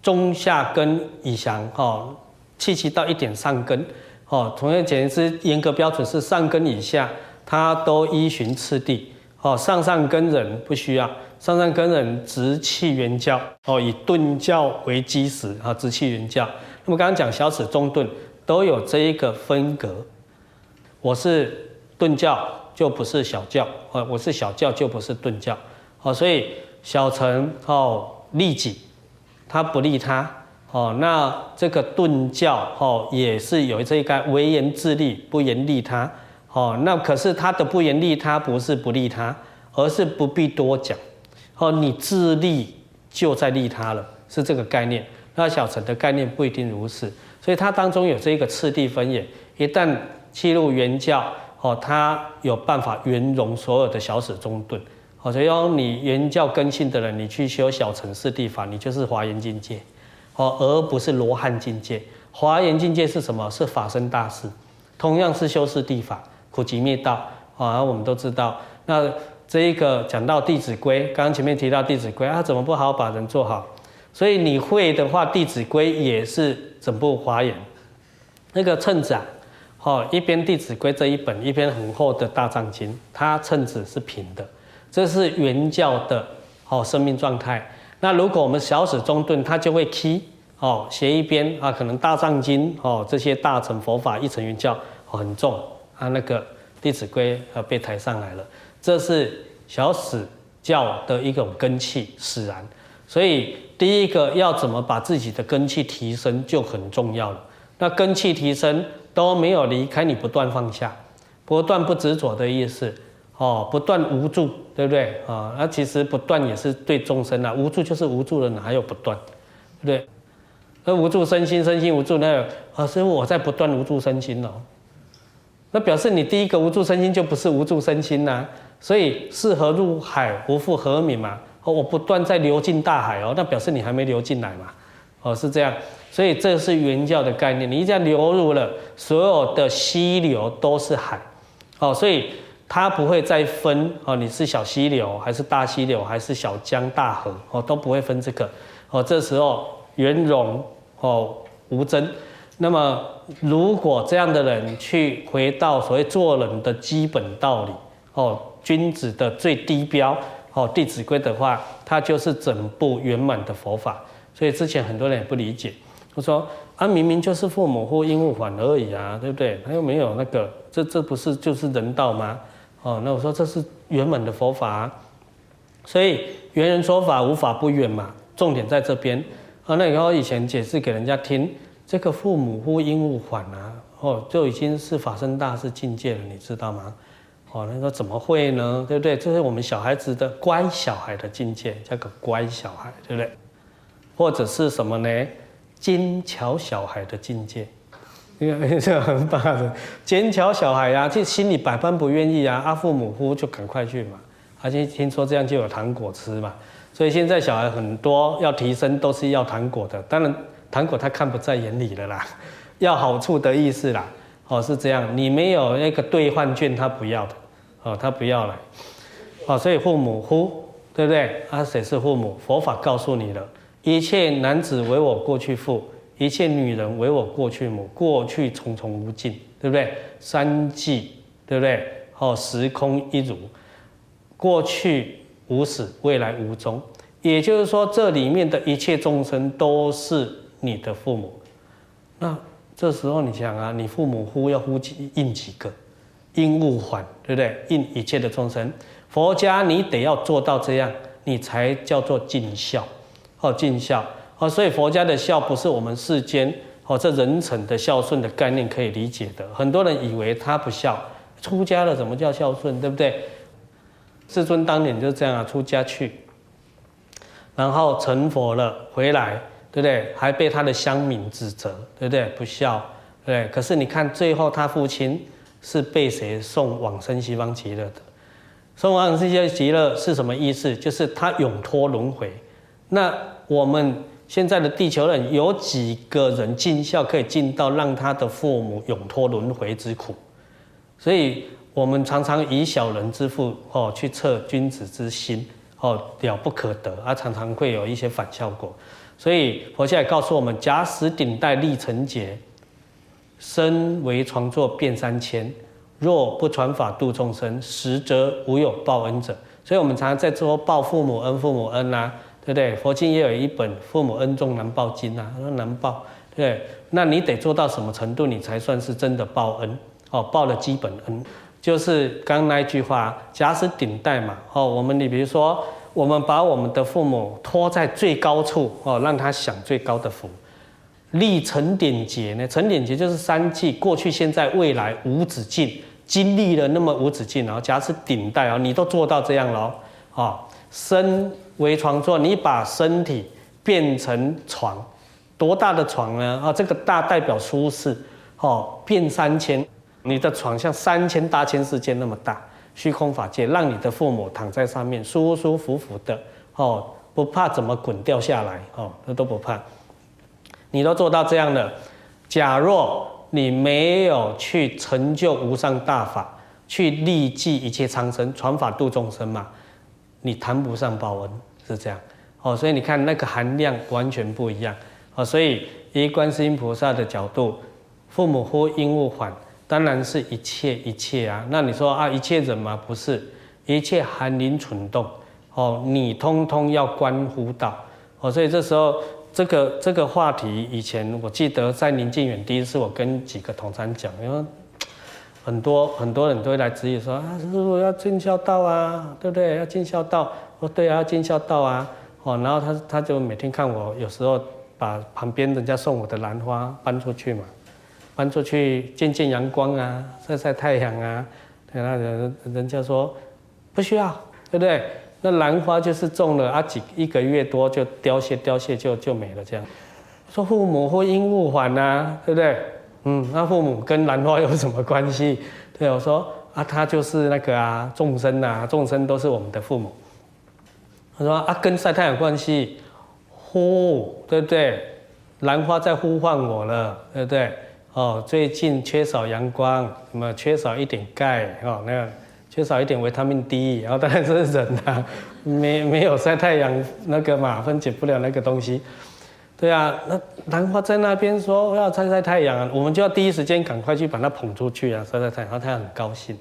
中下根以降，哦，氣息到一點上根，哦，同樣簡直是嚴格標準是上根以下，他都依循次第，哦，上上根人不需要，上上根人直氣圓教，哦，以頓教為基石啊，直氣圓教。那麼剛剛講小始終頓。都有這一個分隔，我是頓教就不是小教，我是小教就不是頓教，所以小乘哦利己，他不利他，哦，那這個頓教也是有這一個為人自利不言利他，哦，那可是他的不言利他不是不利他，而是不必多講，哦，你自利就在利他了，是這個概念。那小乘的概念不一定如此。所以它當中有這個次第分野，一旦進入圓教，哦，它有辦法圓融所有的小始終頓，哦，所以你圓教根性的人，你去修小乘四諦法，你就是華嚴境界，哦，而不是羅漢境界。華嚴境界是什麼？是法身大士，同樣是修四諦法，苦集滅道，啊、哦，我們都知道。那這一個講到地規《弟子規》，剛剛前面提到地規《弟子規》，他怎麼不好把人做好？所以你會的話，《弟子規》也是整部華嚴。那個秤子好、啊，一邊《弟子規》這一本，一邊很厚的大藏經，它秤子是平的。這是圓教的哦，生命狀態。那如果我們小始中頓，它就會踢哦，斜一邊啊。可能大藏經哦，這些大乘佛法一乘圓教很重啊，那個《弟子規》啊被抬上來了。這是小始教的一種根器使然。所以，第一個要怎麼把自己的根器提升就很重要了。那根器提升都沒有離開你，不斷放下，不斷不執着的意思，哦，不斷無助，對不對、哦、啊？那其實不斷也是對眾生了、啊。無助就是無助了，哪有不斷，對不對？那無助身心，身心無助，那啊，是因為我在不斷無助身心哦。那表示你第一個無助身心就不是無助身心了、啊。所以，如河入海，無復河名嘛。哦，我不斷在流進大海哦，那表示你還沒流進來嘛？哦，是這樣，所以這是原教的概念。你一旦流入了，所有的溪流都是海，哦，所以它不會再分，哦，你是小溪流還是大溪流，還是小江大河哦，都不會分這個哦。這時候圓融哦，無爭。那麼，如果這樣的人去回到所謂做人的基本道理哦，君子的最低標。哦，《弟子規》的話，它就是整部圓滿的佛法，所以之前很多人也不理解。我說啊，明明就是父母呼應勿緩而已啊，對不對？他又沒有那個，這這不是就是人道嗎？哦，那我說這是圓滿的佛法，啊，所以圓人說法無法不圓嘛，重點在這邊。啊，那以後以前解釋給人家聽，這個父母呼應勿緩啊，哦，就已經是法身大士境界了，你知道嗎？哦，那說、個、怎麼會呢？對不對？這、就是我們小孩子的乖小孩的境界，叫個乖小孩，對不對？或者是什麼呢？堅強小孩的境界，你看這很棒的堅強小孩呀、啊，就心裡百般不願意啊，阿父母呼就趕快去嘛，而、啊、且聽說這樣就有糖果吃嘛。所以現在小孩很多要提升都是要糖果的，當然糖果他看不在眼裡了啦，要好處的意思啦。哦，是這樣，你沒有那個兌換券他不要的。哦，他不要了，哦，所以父母呼，對不對？啊，誰是父母？佛法告訴你了：一切男子為我過去父，一切女人為我過去母。過去重重無盡，對不對？三際，對不對？好，哦，時空一如，過去無始，未來無終。也就是說，這裡面的一切眾生都是你的父母。那這時候你想啊，你父母呼要呼幾應幾個？應勿緩，對不對？應一切的眾生，佛家你得要做到這樣，你才叫做盡孝。哦，盡孝哦，所以佛家的孝不是我們世間哦，這人臣的孝順的概念可以理解的。很多人以為他不孝，出家了怎麼叫孝順，對不對？世尊當年就這樣啊，出家去，然後成佛了回來，對不對？還被他的鄉民指責，對不對？不孝，對不對？可是你看最後他父親。是被誰送往生西方極樂的？送往生西方極樂是什麼意思？就是他永脫輪迴。那我們現在的地球人有幾個人盡孝可以盡到讓他的父母永脫輪迴之苦？所以我們常常以小人之腹哦去測君子之心哦，了不可得，而、啊、常常會有一些反效果。所以佛教也告訴我們，假使頂戴立成劫身為床座遍三千，若不傳法度眾生，實則無有報恩者。所以，我們常常在說報父母恩、父母恩啊，對不對？佛經也有一本《父母恩重難報經》啊，難報，對不對？那你得做到什麼程度，你才算是真的報恩？哦，報了基本恩，就是剛剛那一句話，假使頂戴嘛。哦，我們你比如說，我們把我們的父母托在最高處，哦，讓他享最高的福。歷成頂劫呢？成頂劫就是三際。過去、現在、未來無止境，經歷了那麼無止境，然後假使頂戴啊，你都做到這樣了，身為床座，你把身體變成床，多大的床呢？啊，這個大代表舒適，哦，變三千，你的床像三千大千世界那麼大，虛空法界，讓你的父母躺在上面，舒舒服服的，哦，不怕怎麼滾掉下來，哦，那都不怕。你都做到這樣了，假若你沒有去成就無上大法，去利濟一切蒼生，傳法度眾生嘛，你談不上報恩，是這樣。哦，所以你看那個含量完全不一樣。哦，所以以觀世音菩薩的角度，父母呼應勿緩，當然是一切一切啊。那你說啊，一切人嗎？不是。一切含靈蠢動，哦，你通通要關乎到。哦，所以這時候。這個這個話題，以前我記得在寧靜園第一次，我跟幾個同參講，因為很多很多人都會來質疑說：“啊，師父要盡孝道啊，對不對？要盡孝道。”哦，對啊，要盡孝道啊。”哦，然後他他就每天看我，有時候把旁邊人家送我的蘭花搬出去嘛，搬出去見見陽光啊，曬曬太陽啊。然後、啊、人人家說不需要，對不對？那蘭花就是種了啊幾一個月多就凋謝，凋謝就就沒了。這樣，說父母呼，應勿緩吶，對不對？嗯，那父母跟蘭花有什麼關係？對，我說啊，他就是那個啊，眾生吶、啊，眾生都是我們的父母。他說啊，跟曬太陽有關係，呼，對不對？蘭花在呼喚我了，對不對？哦，最近缺少陽光，什麼缺少一點鈣、哦、那缺少一點維他命 D，然後當然是人啊，沒沒有曬太陽那個嘛，分解不了那個東西，對啊，那蘭花在那邊說要曬曬太陽，我們就要第一時間趕快去把它捧出去啊，曬曬太陽，然後他很高興，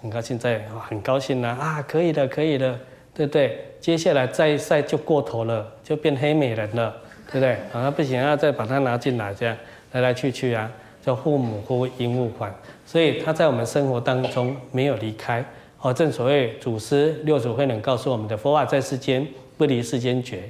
很高興在，很高興呢啊，啊，可以的，可以的，對不對？接下來再曬就過頭了，就變黑美人了，對不對？啊不行，要再把它拿進來這樣，來來去去啊，叫父母呼，應勿緩。所以它在我們生活當中沒有離開哦，正所謂祖師六祖慧能告訴我們的，佛法在世間不離世間覺，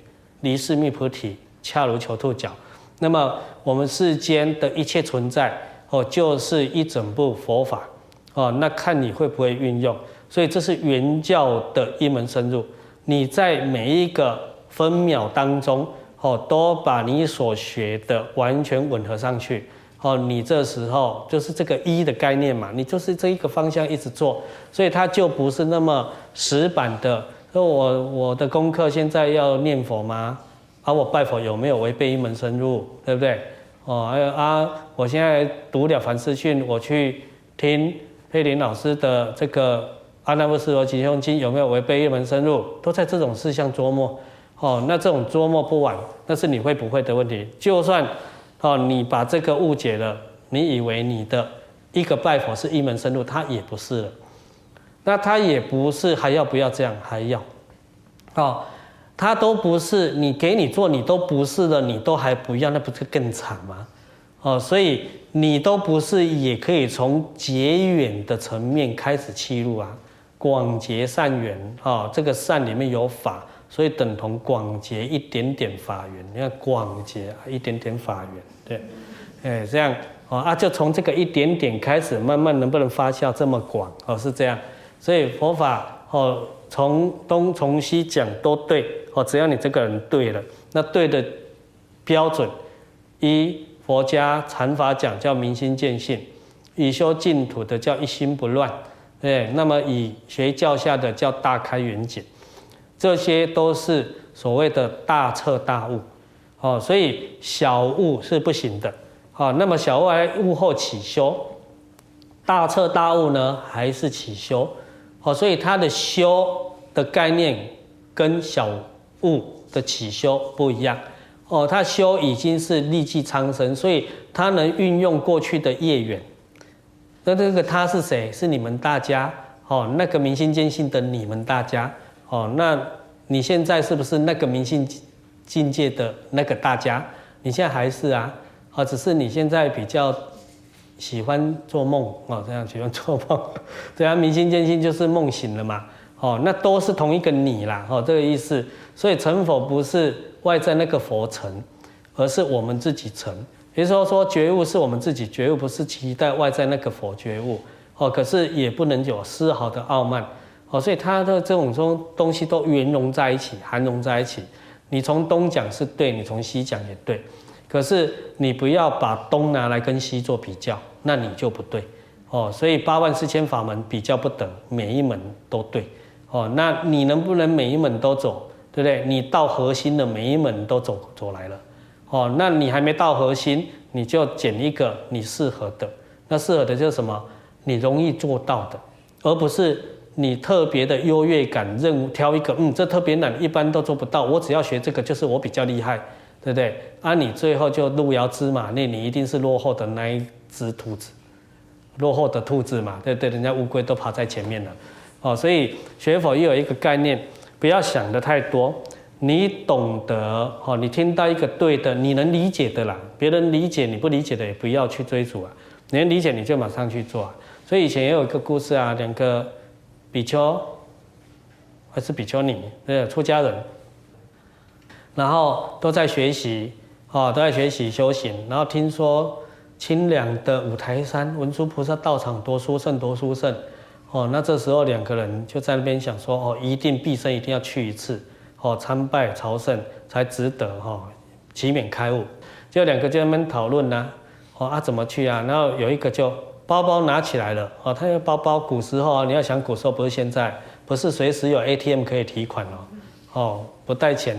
離世覓菩提，恰如求兔角。那麼我們世間的一切存在哦，就是一整部佛法哦，那看你會不會運用。所以這是原教的一門深入，你在每一個分秒當中哦，都把你所學的完全吻合上去。哦，你這時候就是這個一的概念嘛，你就是這一個方向一直做，所以它就不是那麼死板的。那我我的功課現在要念佛嗎？啊，我拜佛有沒有違背一門深入，對不對？哦，還有啊，我現在讀了凡四訓，我去聽佩林老師的這個《阿難問事佛吉凶經》，有沒有違背一門深入？都在這種事項琢磨。哦，那這種琢磨不晚，那是你會不會的問題。就算。哦，你把這個誤解了，你以為你的一個拜佛是一門深入，他也不是了，那他也不是，還要不要這樣還要？哦，他都不是，你給你做你都不是了，你都還不要，那不是更慘嗎？哦，所以你都不是，也可以從結緣的層面開始切入啊，廣結善緣，哦，這個善裡面有法。所以等同廣結一點點法緣，你看廣結一點點法緣，對，哎、欸，這樣啊，就從這個一點點開始，慢慢能不能發酵這麼廣哦？是這樣，所以佛法哦，從東從西講都對哦，只要你這個人對了，那對的標準，依佛家禪法講叫明心見性，以修淨土的叫一心不亂，哎，那麼以學教下的叫大開圓解。這些都是所謂的大徹大悟，哦，所以小悟是不行的，好，那麼小悟還悟後起修，大徹大悟呢還是起修，好，所以他的修的概念跟小悟的起修不一樣，哦，他修已經是利濟蒼生，所以他能運用過去的業緣，那這個他是誰？是你們大家，哦，那個明心見性的你們大家。哦，那你現在是不是那個明心境界的那個大家？你現在還是啊？哦，只是你現在比較喜歡做夢哦，這樣喜歡做夢。 (laughs) 對啊，明心見性就是夢醒了嘛。哦，那都是同一個你啦。哦，這個意思。所以成佛不是外在那個佛成，而是我們自己成。比如說，說覺悟是我們自己覺悟，不是期待外在那個佛覺悟。哦，可是也不能有絲毫的傲慢。哦，所以它的這種東西都圓融在一起，含融在一起。你從東講是對，你從西講也對。可是你不要把東拿來跟西做比較，那你就不對。哦，所以八萬四千法門比較不等，每一門都對。哦，那你能不能每一門都走？對不對？你到核心的每一門都走走來了。哦，那你還沒到核心，你就撿一個你適合的。那適合的就是什麼？你容易做到的，而不是。你特別的優越感，任務挑一個，嗯，這特別難，一般都做不到。我只要學這個，就是我比較厲害，對不對？啊，你最後就路遙知馬力，你一定是落後的那一只兔子，落後的兔子嘛，對不對？人家烏龜都跑在前面了，哦，所以學佛又有一個概念，不要想的太多。你懂得哦，你聽到一個對的，你能理解的啦。別人理解你不理解的，也不要去追逐啊。你能理解你就馬上去做啊。所以以前也有一個故事啊，兩個。比丘，還是比丘尼，那個出家人，然後都在學習，哦，都在學習修行，然後聽說清涼的五台山文殊菩薩道場多殊勝，多殊勝，哦，那這時候兩個人就在那邊想說，哦，一定畢生一定要去一次，哦，參拜朝聖才值得哈，以、哦、免開悟。就兩個就在那邊討論呢、啊，哦啊，怎麼去啊？然後有一個就。包包拿起來了啊！他、哦、要包包。古時候啊，你要想古時候，不是現在，不是隨時有 ATM 可以提款哦。哦，不帶錢，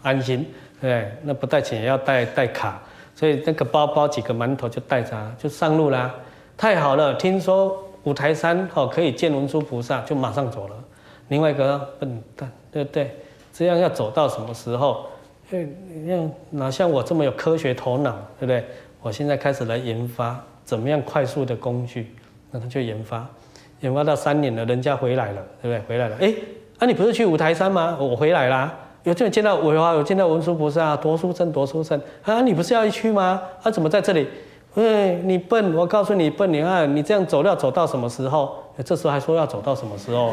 安心，對不對？那不帶錢也要帶帶卡，所以那個包包幾個饅頭就帶着、啊，就上路啦、啊。太好了，聽說五台山哦可以見文殊菩薩，就馬上走了。另外一個笨蛋，對不對？這樣要走到什麼時候？哎，哪像我這麼有科學頭腦，對不對？我現在開始來研發。怎麼樣快速的工具？那他就研發，研發到三年了，人家回來了，對不對？回來了，哎，啊，你不是去五台山嗎？我回來啦。有這麼見到韋華，有見到文殊菩薩啊，多殊勝，多殊勝。啊！你不是要去嗎？啊，怎麼在這裡？哎，你笨！我告訴你笨，你看你這樣走要走到什麼時候？這時候還說要走到什麼時候？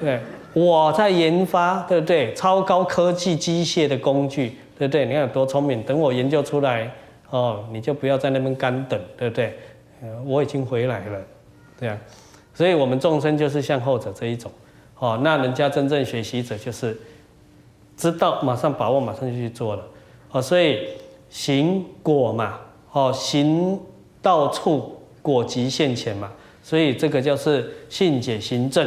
對，我在研發，對不對？超高科技機械的工具，對不對？你看有多聰明！等我研究出來。哦，你就不要在那邊乾等，對不對？呃，我已經回來了，對呀、啊。所以，我們眾生就是向後者這一種。哦，那人家真正學習者就是知道馬上把握，馬上就去做了。哦，所以行果嘛，哦，行到處果即現前嘛。所以這個就是信解行證。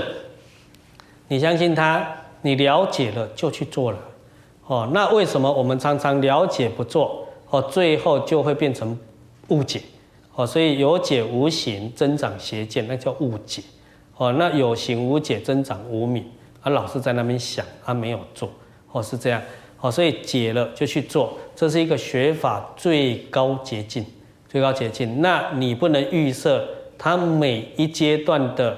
你相信他，你了解了就去做了。哦，那為什麼我們常常了解不做？哦，最後就會變成誤解，哦，所以有解無行增長邪見，那叫誤解，哦，那有行無解增長無明，他、啊、老是在那邊想，他、啊、沒有做，哦，是這樣，哦，所以解了就去做，這是一個學法最高捷徑，最高捷徑，那你不能預設他每一階段的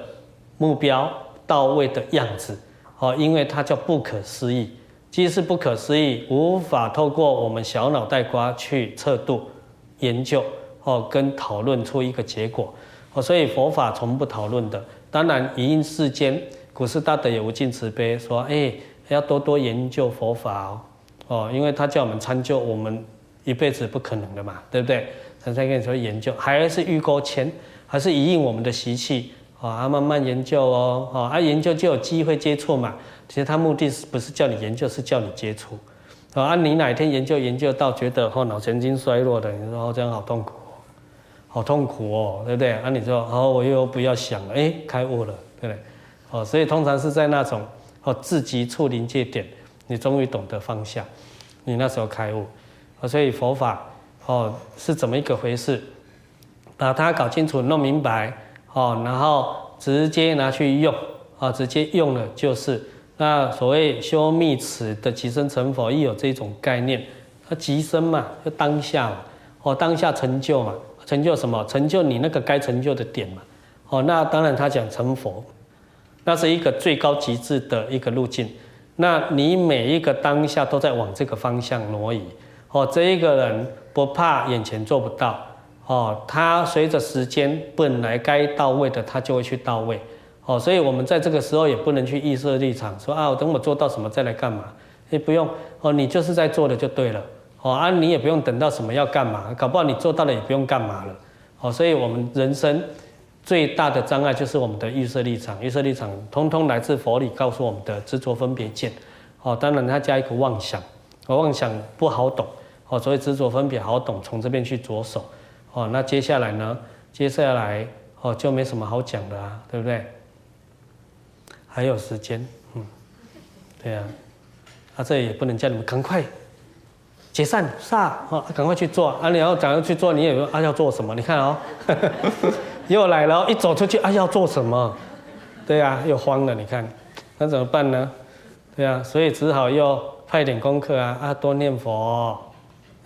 目標到位的樣子，哦，因為它叫不可思議。即是不可思議，無法透過我們小腦袋瓜去測度、研究哦，跟討論出一個結果哦。所以佛法從不討論的。當然，依應世間，古時大德也無盡慈悲說：“哎、欸，要多多研究佛法哦，哦，因為他叫我們參究，我們一輩子不可能的嘛，對不對？他在跟你說研究還是欲鉤牽，還是依應我們的習氣、哦、啊，慢慢研究哦，哦，啊，研究就有機會接觸嘛。”其實他目的是不是叫你研究，是叫你接觸，啊，你哪一天研究研究到覺得哦，腦神經衰弱的，你說哦，這樣好痛苦，好痛苦哦，對不對？按、啊、你說哦，我又不要想了，哎，開悟了，對不對？哦，所以通常是在那種哦，自己處臨界點，你終於懂得放下，你那時候開悟，啊、所以佛法哦是怎麼一個回事，把它搞清楚、弄明白，哦，然後直接拿去用，啊、哦，直接用了就是。那所謂修密此的即身成佛，亦有這種概念。它即身嘛，就當下嘛，哦，當下成就嘛，成就什麼？成就你那個該成就的點嘛。哦，那當然他講成佛，那是一個最高極致的一個路徑。那你每一個當下都在往這個方向挪移。哦，這一個人不怕眼前做不到，哦，他隨着時間本來該到位的，他就會去到位。哦，所以，我們在這個時候也不能去預設立場，說啊，等我做到什麼再來幹嘛？也、欸、不用，哦，你就是在做的就對了。哦啊，你也不用等到什麼要幹嘛，搞不好你做到了也不用幹嘛了。哦，所以我們人生最大的障礙就是我們的預設立場，預設立場通通來自佛理告訴我們的執着分別見。哦，當然它加一個妄想，哦，妄想不好懂。哦，所以執着分別好懂，從這邊去着手。哦，那接下來呢？接下來哦，就沒什麼好講的啦、啊，對不對？還有時間，嗯，對呀、啊，啊，這也不能叫你們趕快解散，是啊、哦，趕快去做，啊，你要趕快去做，你也啊要做什麼？你看哦，呵呵又來了，一走出去啊要做什麼？對呀、啊，又慌了，你看，那怎麼辦呢？對呀、啊，所以只好又派一點功課啊，啊，多念佛、哦，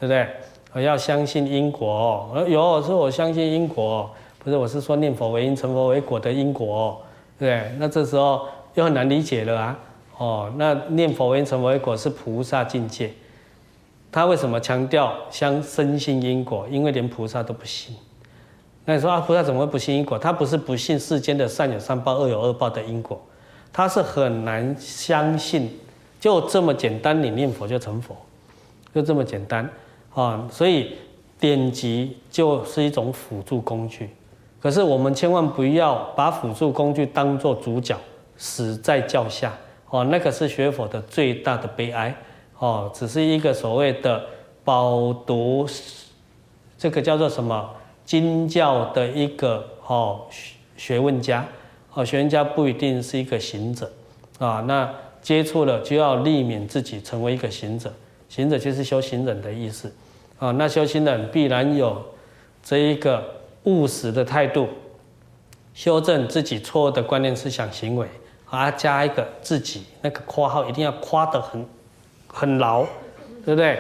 對不對？我要相信因果、哦呃，有是我相信因果、哦，不是我是說念佛為因，成佛為果的因果、哦，對不對？那這時候。又很難理解了啊！哦，那念佛因成佛為果是菩薩境界，他為什麼強調相深信因果？因為連菩薩都不信。那你說啊，菩薩怎麼會不信因果？他不是不信世間的善有善報、惡有惡報的因果，他是很難相信，就這麼簡單。你念佛就成佛，就這麼簡單啊、哦！所以典籍就是一種輔助工具，可是我們千萬不要把輔助工具當作主角。死在教下，哦，那個是學佛的最大的悲哀，哦，只是一個所謂的飽讀，這個叫做什麼經教的一個哦學問家，哦，學問家不一定是一個行者，啊，那接觸了就要勵勉自己成為一個行者，行者就是修行人的意思，啊，那修行人必然有這一個務實的態度，修正自己錯誤的觀念、思想、行為。啊，加一個自己那個括號，一定要誇得很，很牢，對不對？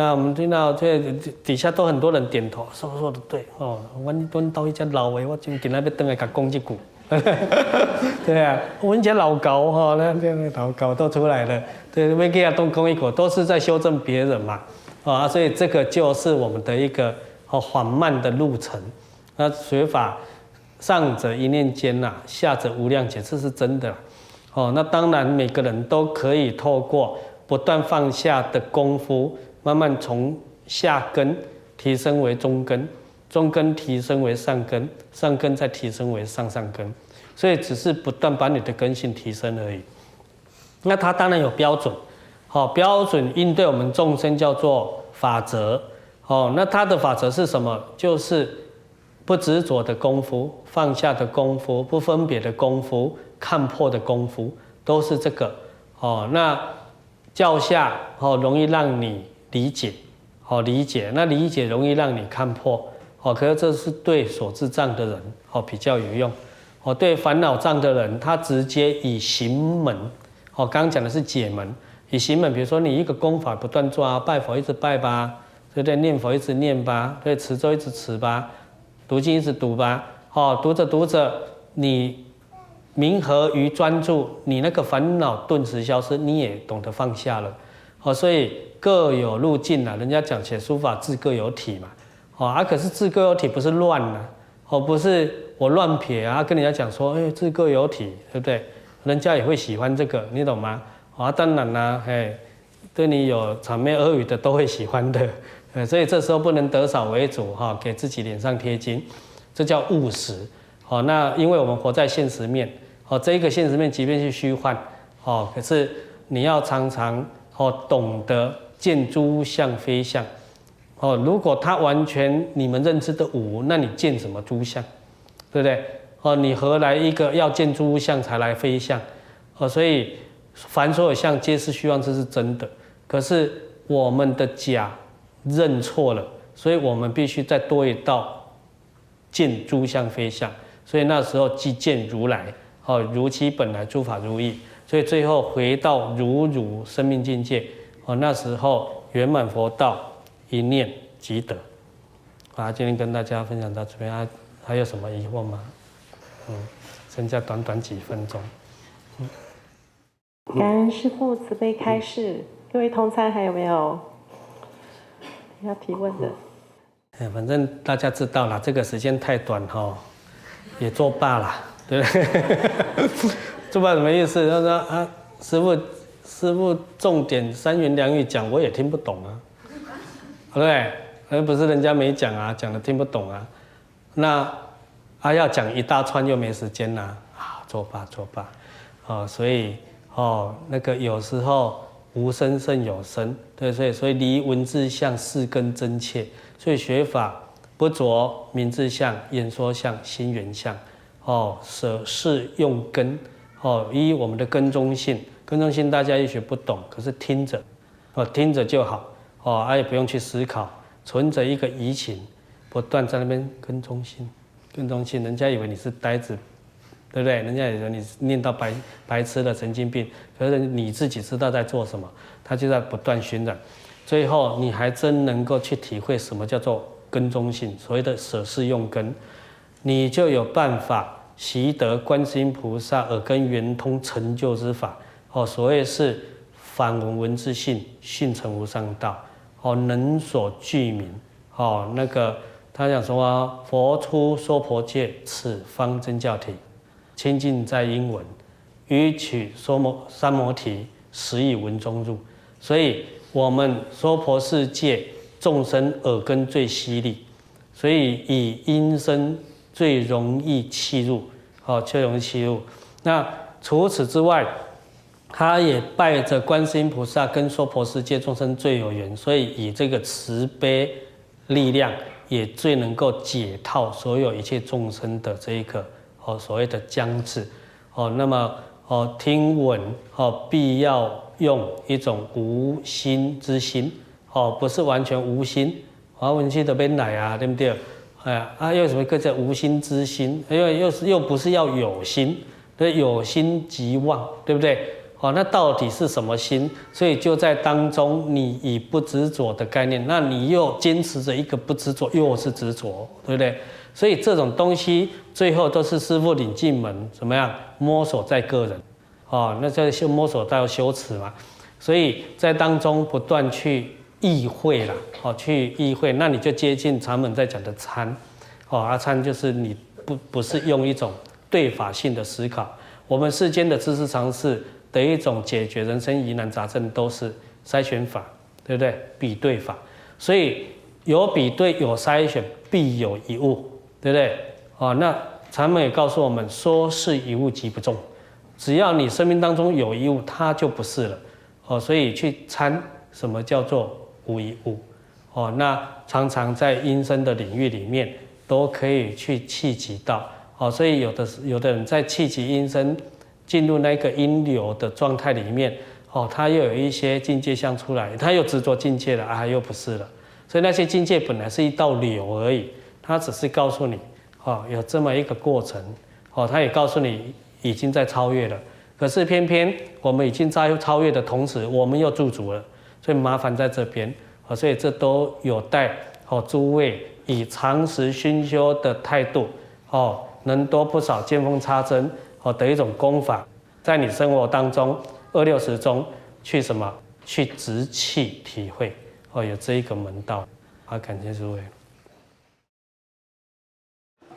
啊，我們聽到這底下都很多人點頭，說不說得對哦。我們我到一家老圍，我今那邊回來甲講一句， (laughs) (laughs) 對啊，我一隻老狗哈，那、哦、邊老狗都出來了，對，未給他動口，都是在修正別人嘛、哦。啊，所以這個就是我們的一個緩、哦、慢的路程，那、啊、學法。上者一念間吶、啊，下者無量劫，這是真的，哦，那當然每個人都可以透過不斷放下的功夫，慢慢從下根提升為中根，中根提升為上根，上根再提升為上上根，所以只是不斷把你的根性提升而已。那它當然有標準，好、哦、標準應對我們眾生叫做法則，哦，那它的法則是什麼？就是。不執着的功夫，放下的功夫，不分別的功夫，看破的功夫，都是這個哦。那教下好、哦、容易讓你理解，好、哦、理解，那理解容易讓你看破好、哦，可是這是對所知障的人好、哦、比較有用哦。對煩惱障的人，他直接以行門好，哦、剛，剛講的是解門，以行門，比如說你一個功法不斷做啊，拜佛一直拜吧，就對，不對念佛一直念吧，對，對持咒一直持吧。讀經是讀吧，好、哦，讀着讀着，你冥合於專注，你那個煩惱頓時消失，你也懂得放下了，好、哦，所以各有路徑啊，人家講寫書法字各有體嘛，好、哦、啊，可是字各有體不是亂啊？哦，不是我亂撇啊，啊跟人家講說，哎、欸，字各有體，對不對？人家也會喜歡這個，你懂嗎？哦、啊，當然啦、啊，哎，對你有場面，俄眉的都會喜歡的。所以這時候不能得少為主哈，給自己臉上貼金，這叫務實。好，那因為我們活在現實面，好，這一個現實面即便是虛幻，好，可是你要常常哦懂得見諸相非相。哦，如果它完全你們認知的無，那你見什麼諸相？對不對？哦，你何來一個要見諸相才來非相？哦，所以凡所有相皆是虛妄，這是真的。可是我們的假。認錯了，所以我們必須再多一道見諸相非相，所以那時候即見如來，哦，如其本來諸法如意，所以最後回到如如生命境界，哦，那時候圓滿佛道一念即得。好、啊，今天跟大家分享到這邊，還、啊、還有什麼疑惑嗎？嗯，剩下短短幾分鐘。感恩師父慈悲開示，嗯、各位同參還有沒有？要提問的，反正、欸、大家知道了，這個時間太短哈、哦，也作罷了，對不對？ (laughs) 作罷什麼意思？他、就是、說啊，師父，師父重點三言兩語講，我也聽不懂啊，對不對？而不是人家沒講啊，講的聽不懂啊，那啊要講一大串又沒時間啊。好、啊，作罷作罷，哦，所以哦，那個有時候。無聲勝有聲，對，所以，所以離文字相、是根真切，所以學法不着名字相、演說相、心緣相，哦，舍識用根，哦，依我們的根中性，根中性大家也許不懂，可是聽着，哦，聽着就好，哦，也不用去思考，存着一個疑情，不斷在那邊根中性，根中性，人家以為你是呆子。對不對？人家也說你念到白白痴的神經病，可是你自己知道在做什麼，他就在不斷熏染，最後你還真能夠去體會什麼叫做根中性，所謂的捨識用根，你就有辦法習得觀世音菩薩耳根圓通成就之法。哦，所謂是反聞聞自性，性成無上道。哦，能所具名。哦，那個他講說啊，佛出娑婆界，此方真教體。清淨在音聞，欲取說摩三摩提，實以聞中入。所以，我們娑婆世界眾生耳根最犀利，所以以音聲最容易契入，好、哦，最容易契入。那除此之外，他也拜着觀世音菩薩，跟娑婆世界眾生最有緣，所以以這個慈悲力量，也最能夠解套所有一切眾生的這一個。哦，所謂的僵持哦，那麼哦，聽聞哦，必要用一種無心之心，哦，不是完全無心，黃、啊、文清那邊來啊，對不對？哎呀，啊，又什麼個叫無心之心？因為又是又不是要有心，對，對，有心即妄，對不對？哦，那到底是什麼心？所以就在當中，你以不執着的概念，那你又堅持着一個不執着，又是執着，對不對？所以這種東西。最後都是師父領進門，怎麼樣摸索在個人，哦，那些摸索到修持嘛，所以在當中不斷去意會了，哦，去意會，那你就接近常本在講的參，哦、啊，阿參就是你不不是用一種對法性的思考，我們世間的知識常識的一種解決人生疑難雜症都是篩選法，對不對？比對法，所以有比對有篩選，必有一物，對不對？啊，那禪門也告訴我們說：“是一物即不中，只要你生命當中有一物，它就不是了。”哦，所以去參什麼叫做無一物？哦，那常常在陰身的領域裡面，都可以去契及到。哦，所以有的有的人在契及陰身進入那個陰流的狀態裡面，哦，他又有一些境界相出來，他又執着境界了啊，又不是了。所以那些境界本來是一道流而已，他只是告訴你。啊、哦，有這麼一個過程，哦，他也告訴你已經在超越了，可是偏偏我們已經在超越的同時，我們又駐足了，所以麻煩在這邊，啊、哦，所以這都有待哦諸位以長時熏修的態度，哦，能多不少見縫插針哦的一種功法，在你生活當中二六時中去什麼去直氣體會，哦，有這一個門道，好，感謝諸位。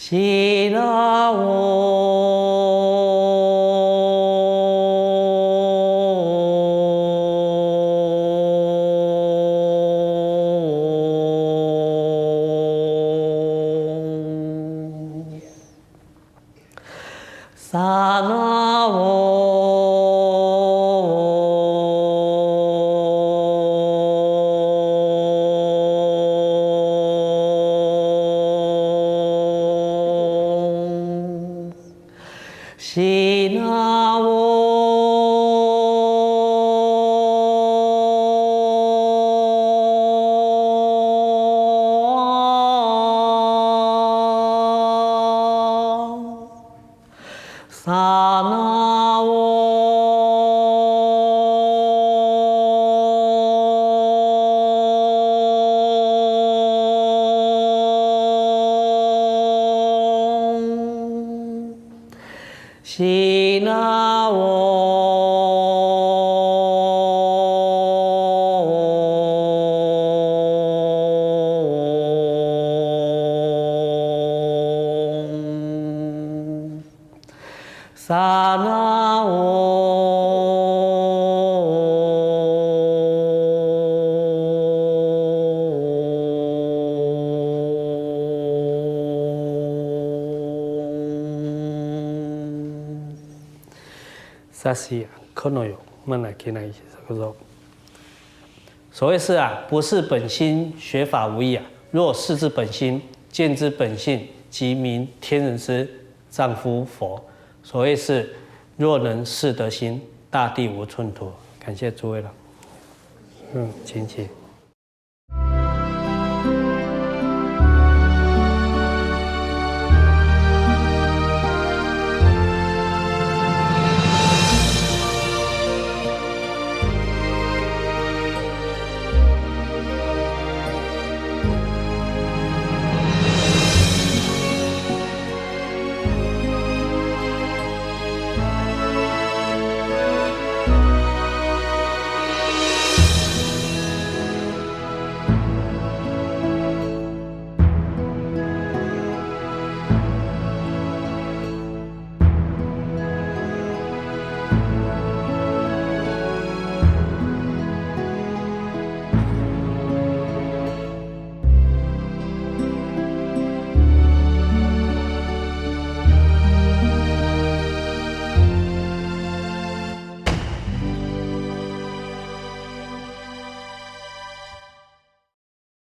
喜樂無但是啊，不是本心學法無益啊。若視之本心，見之本性，即明天人之丈夫佛。所謂是，若能視得心，大地無寸土。感謝諸位了。嗯，請起。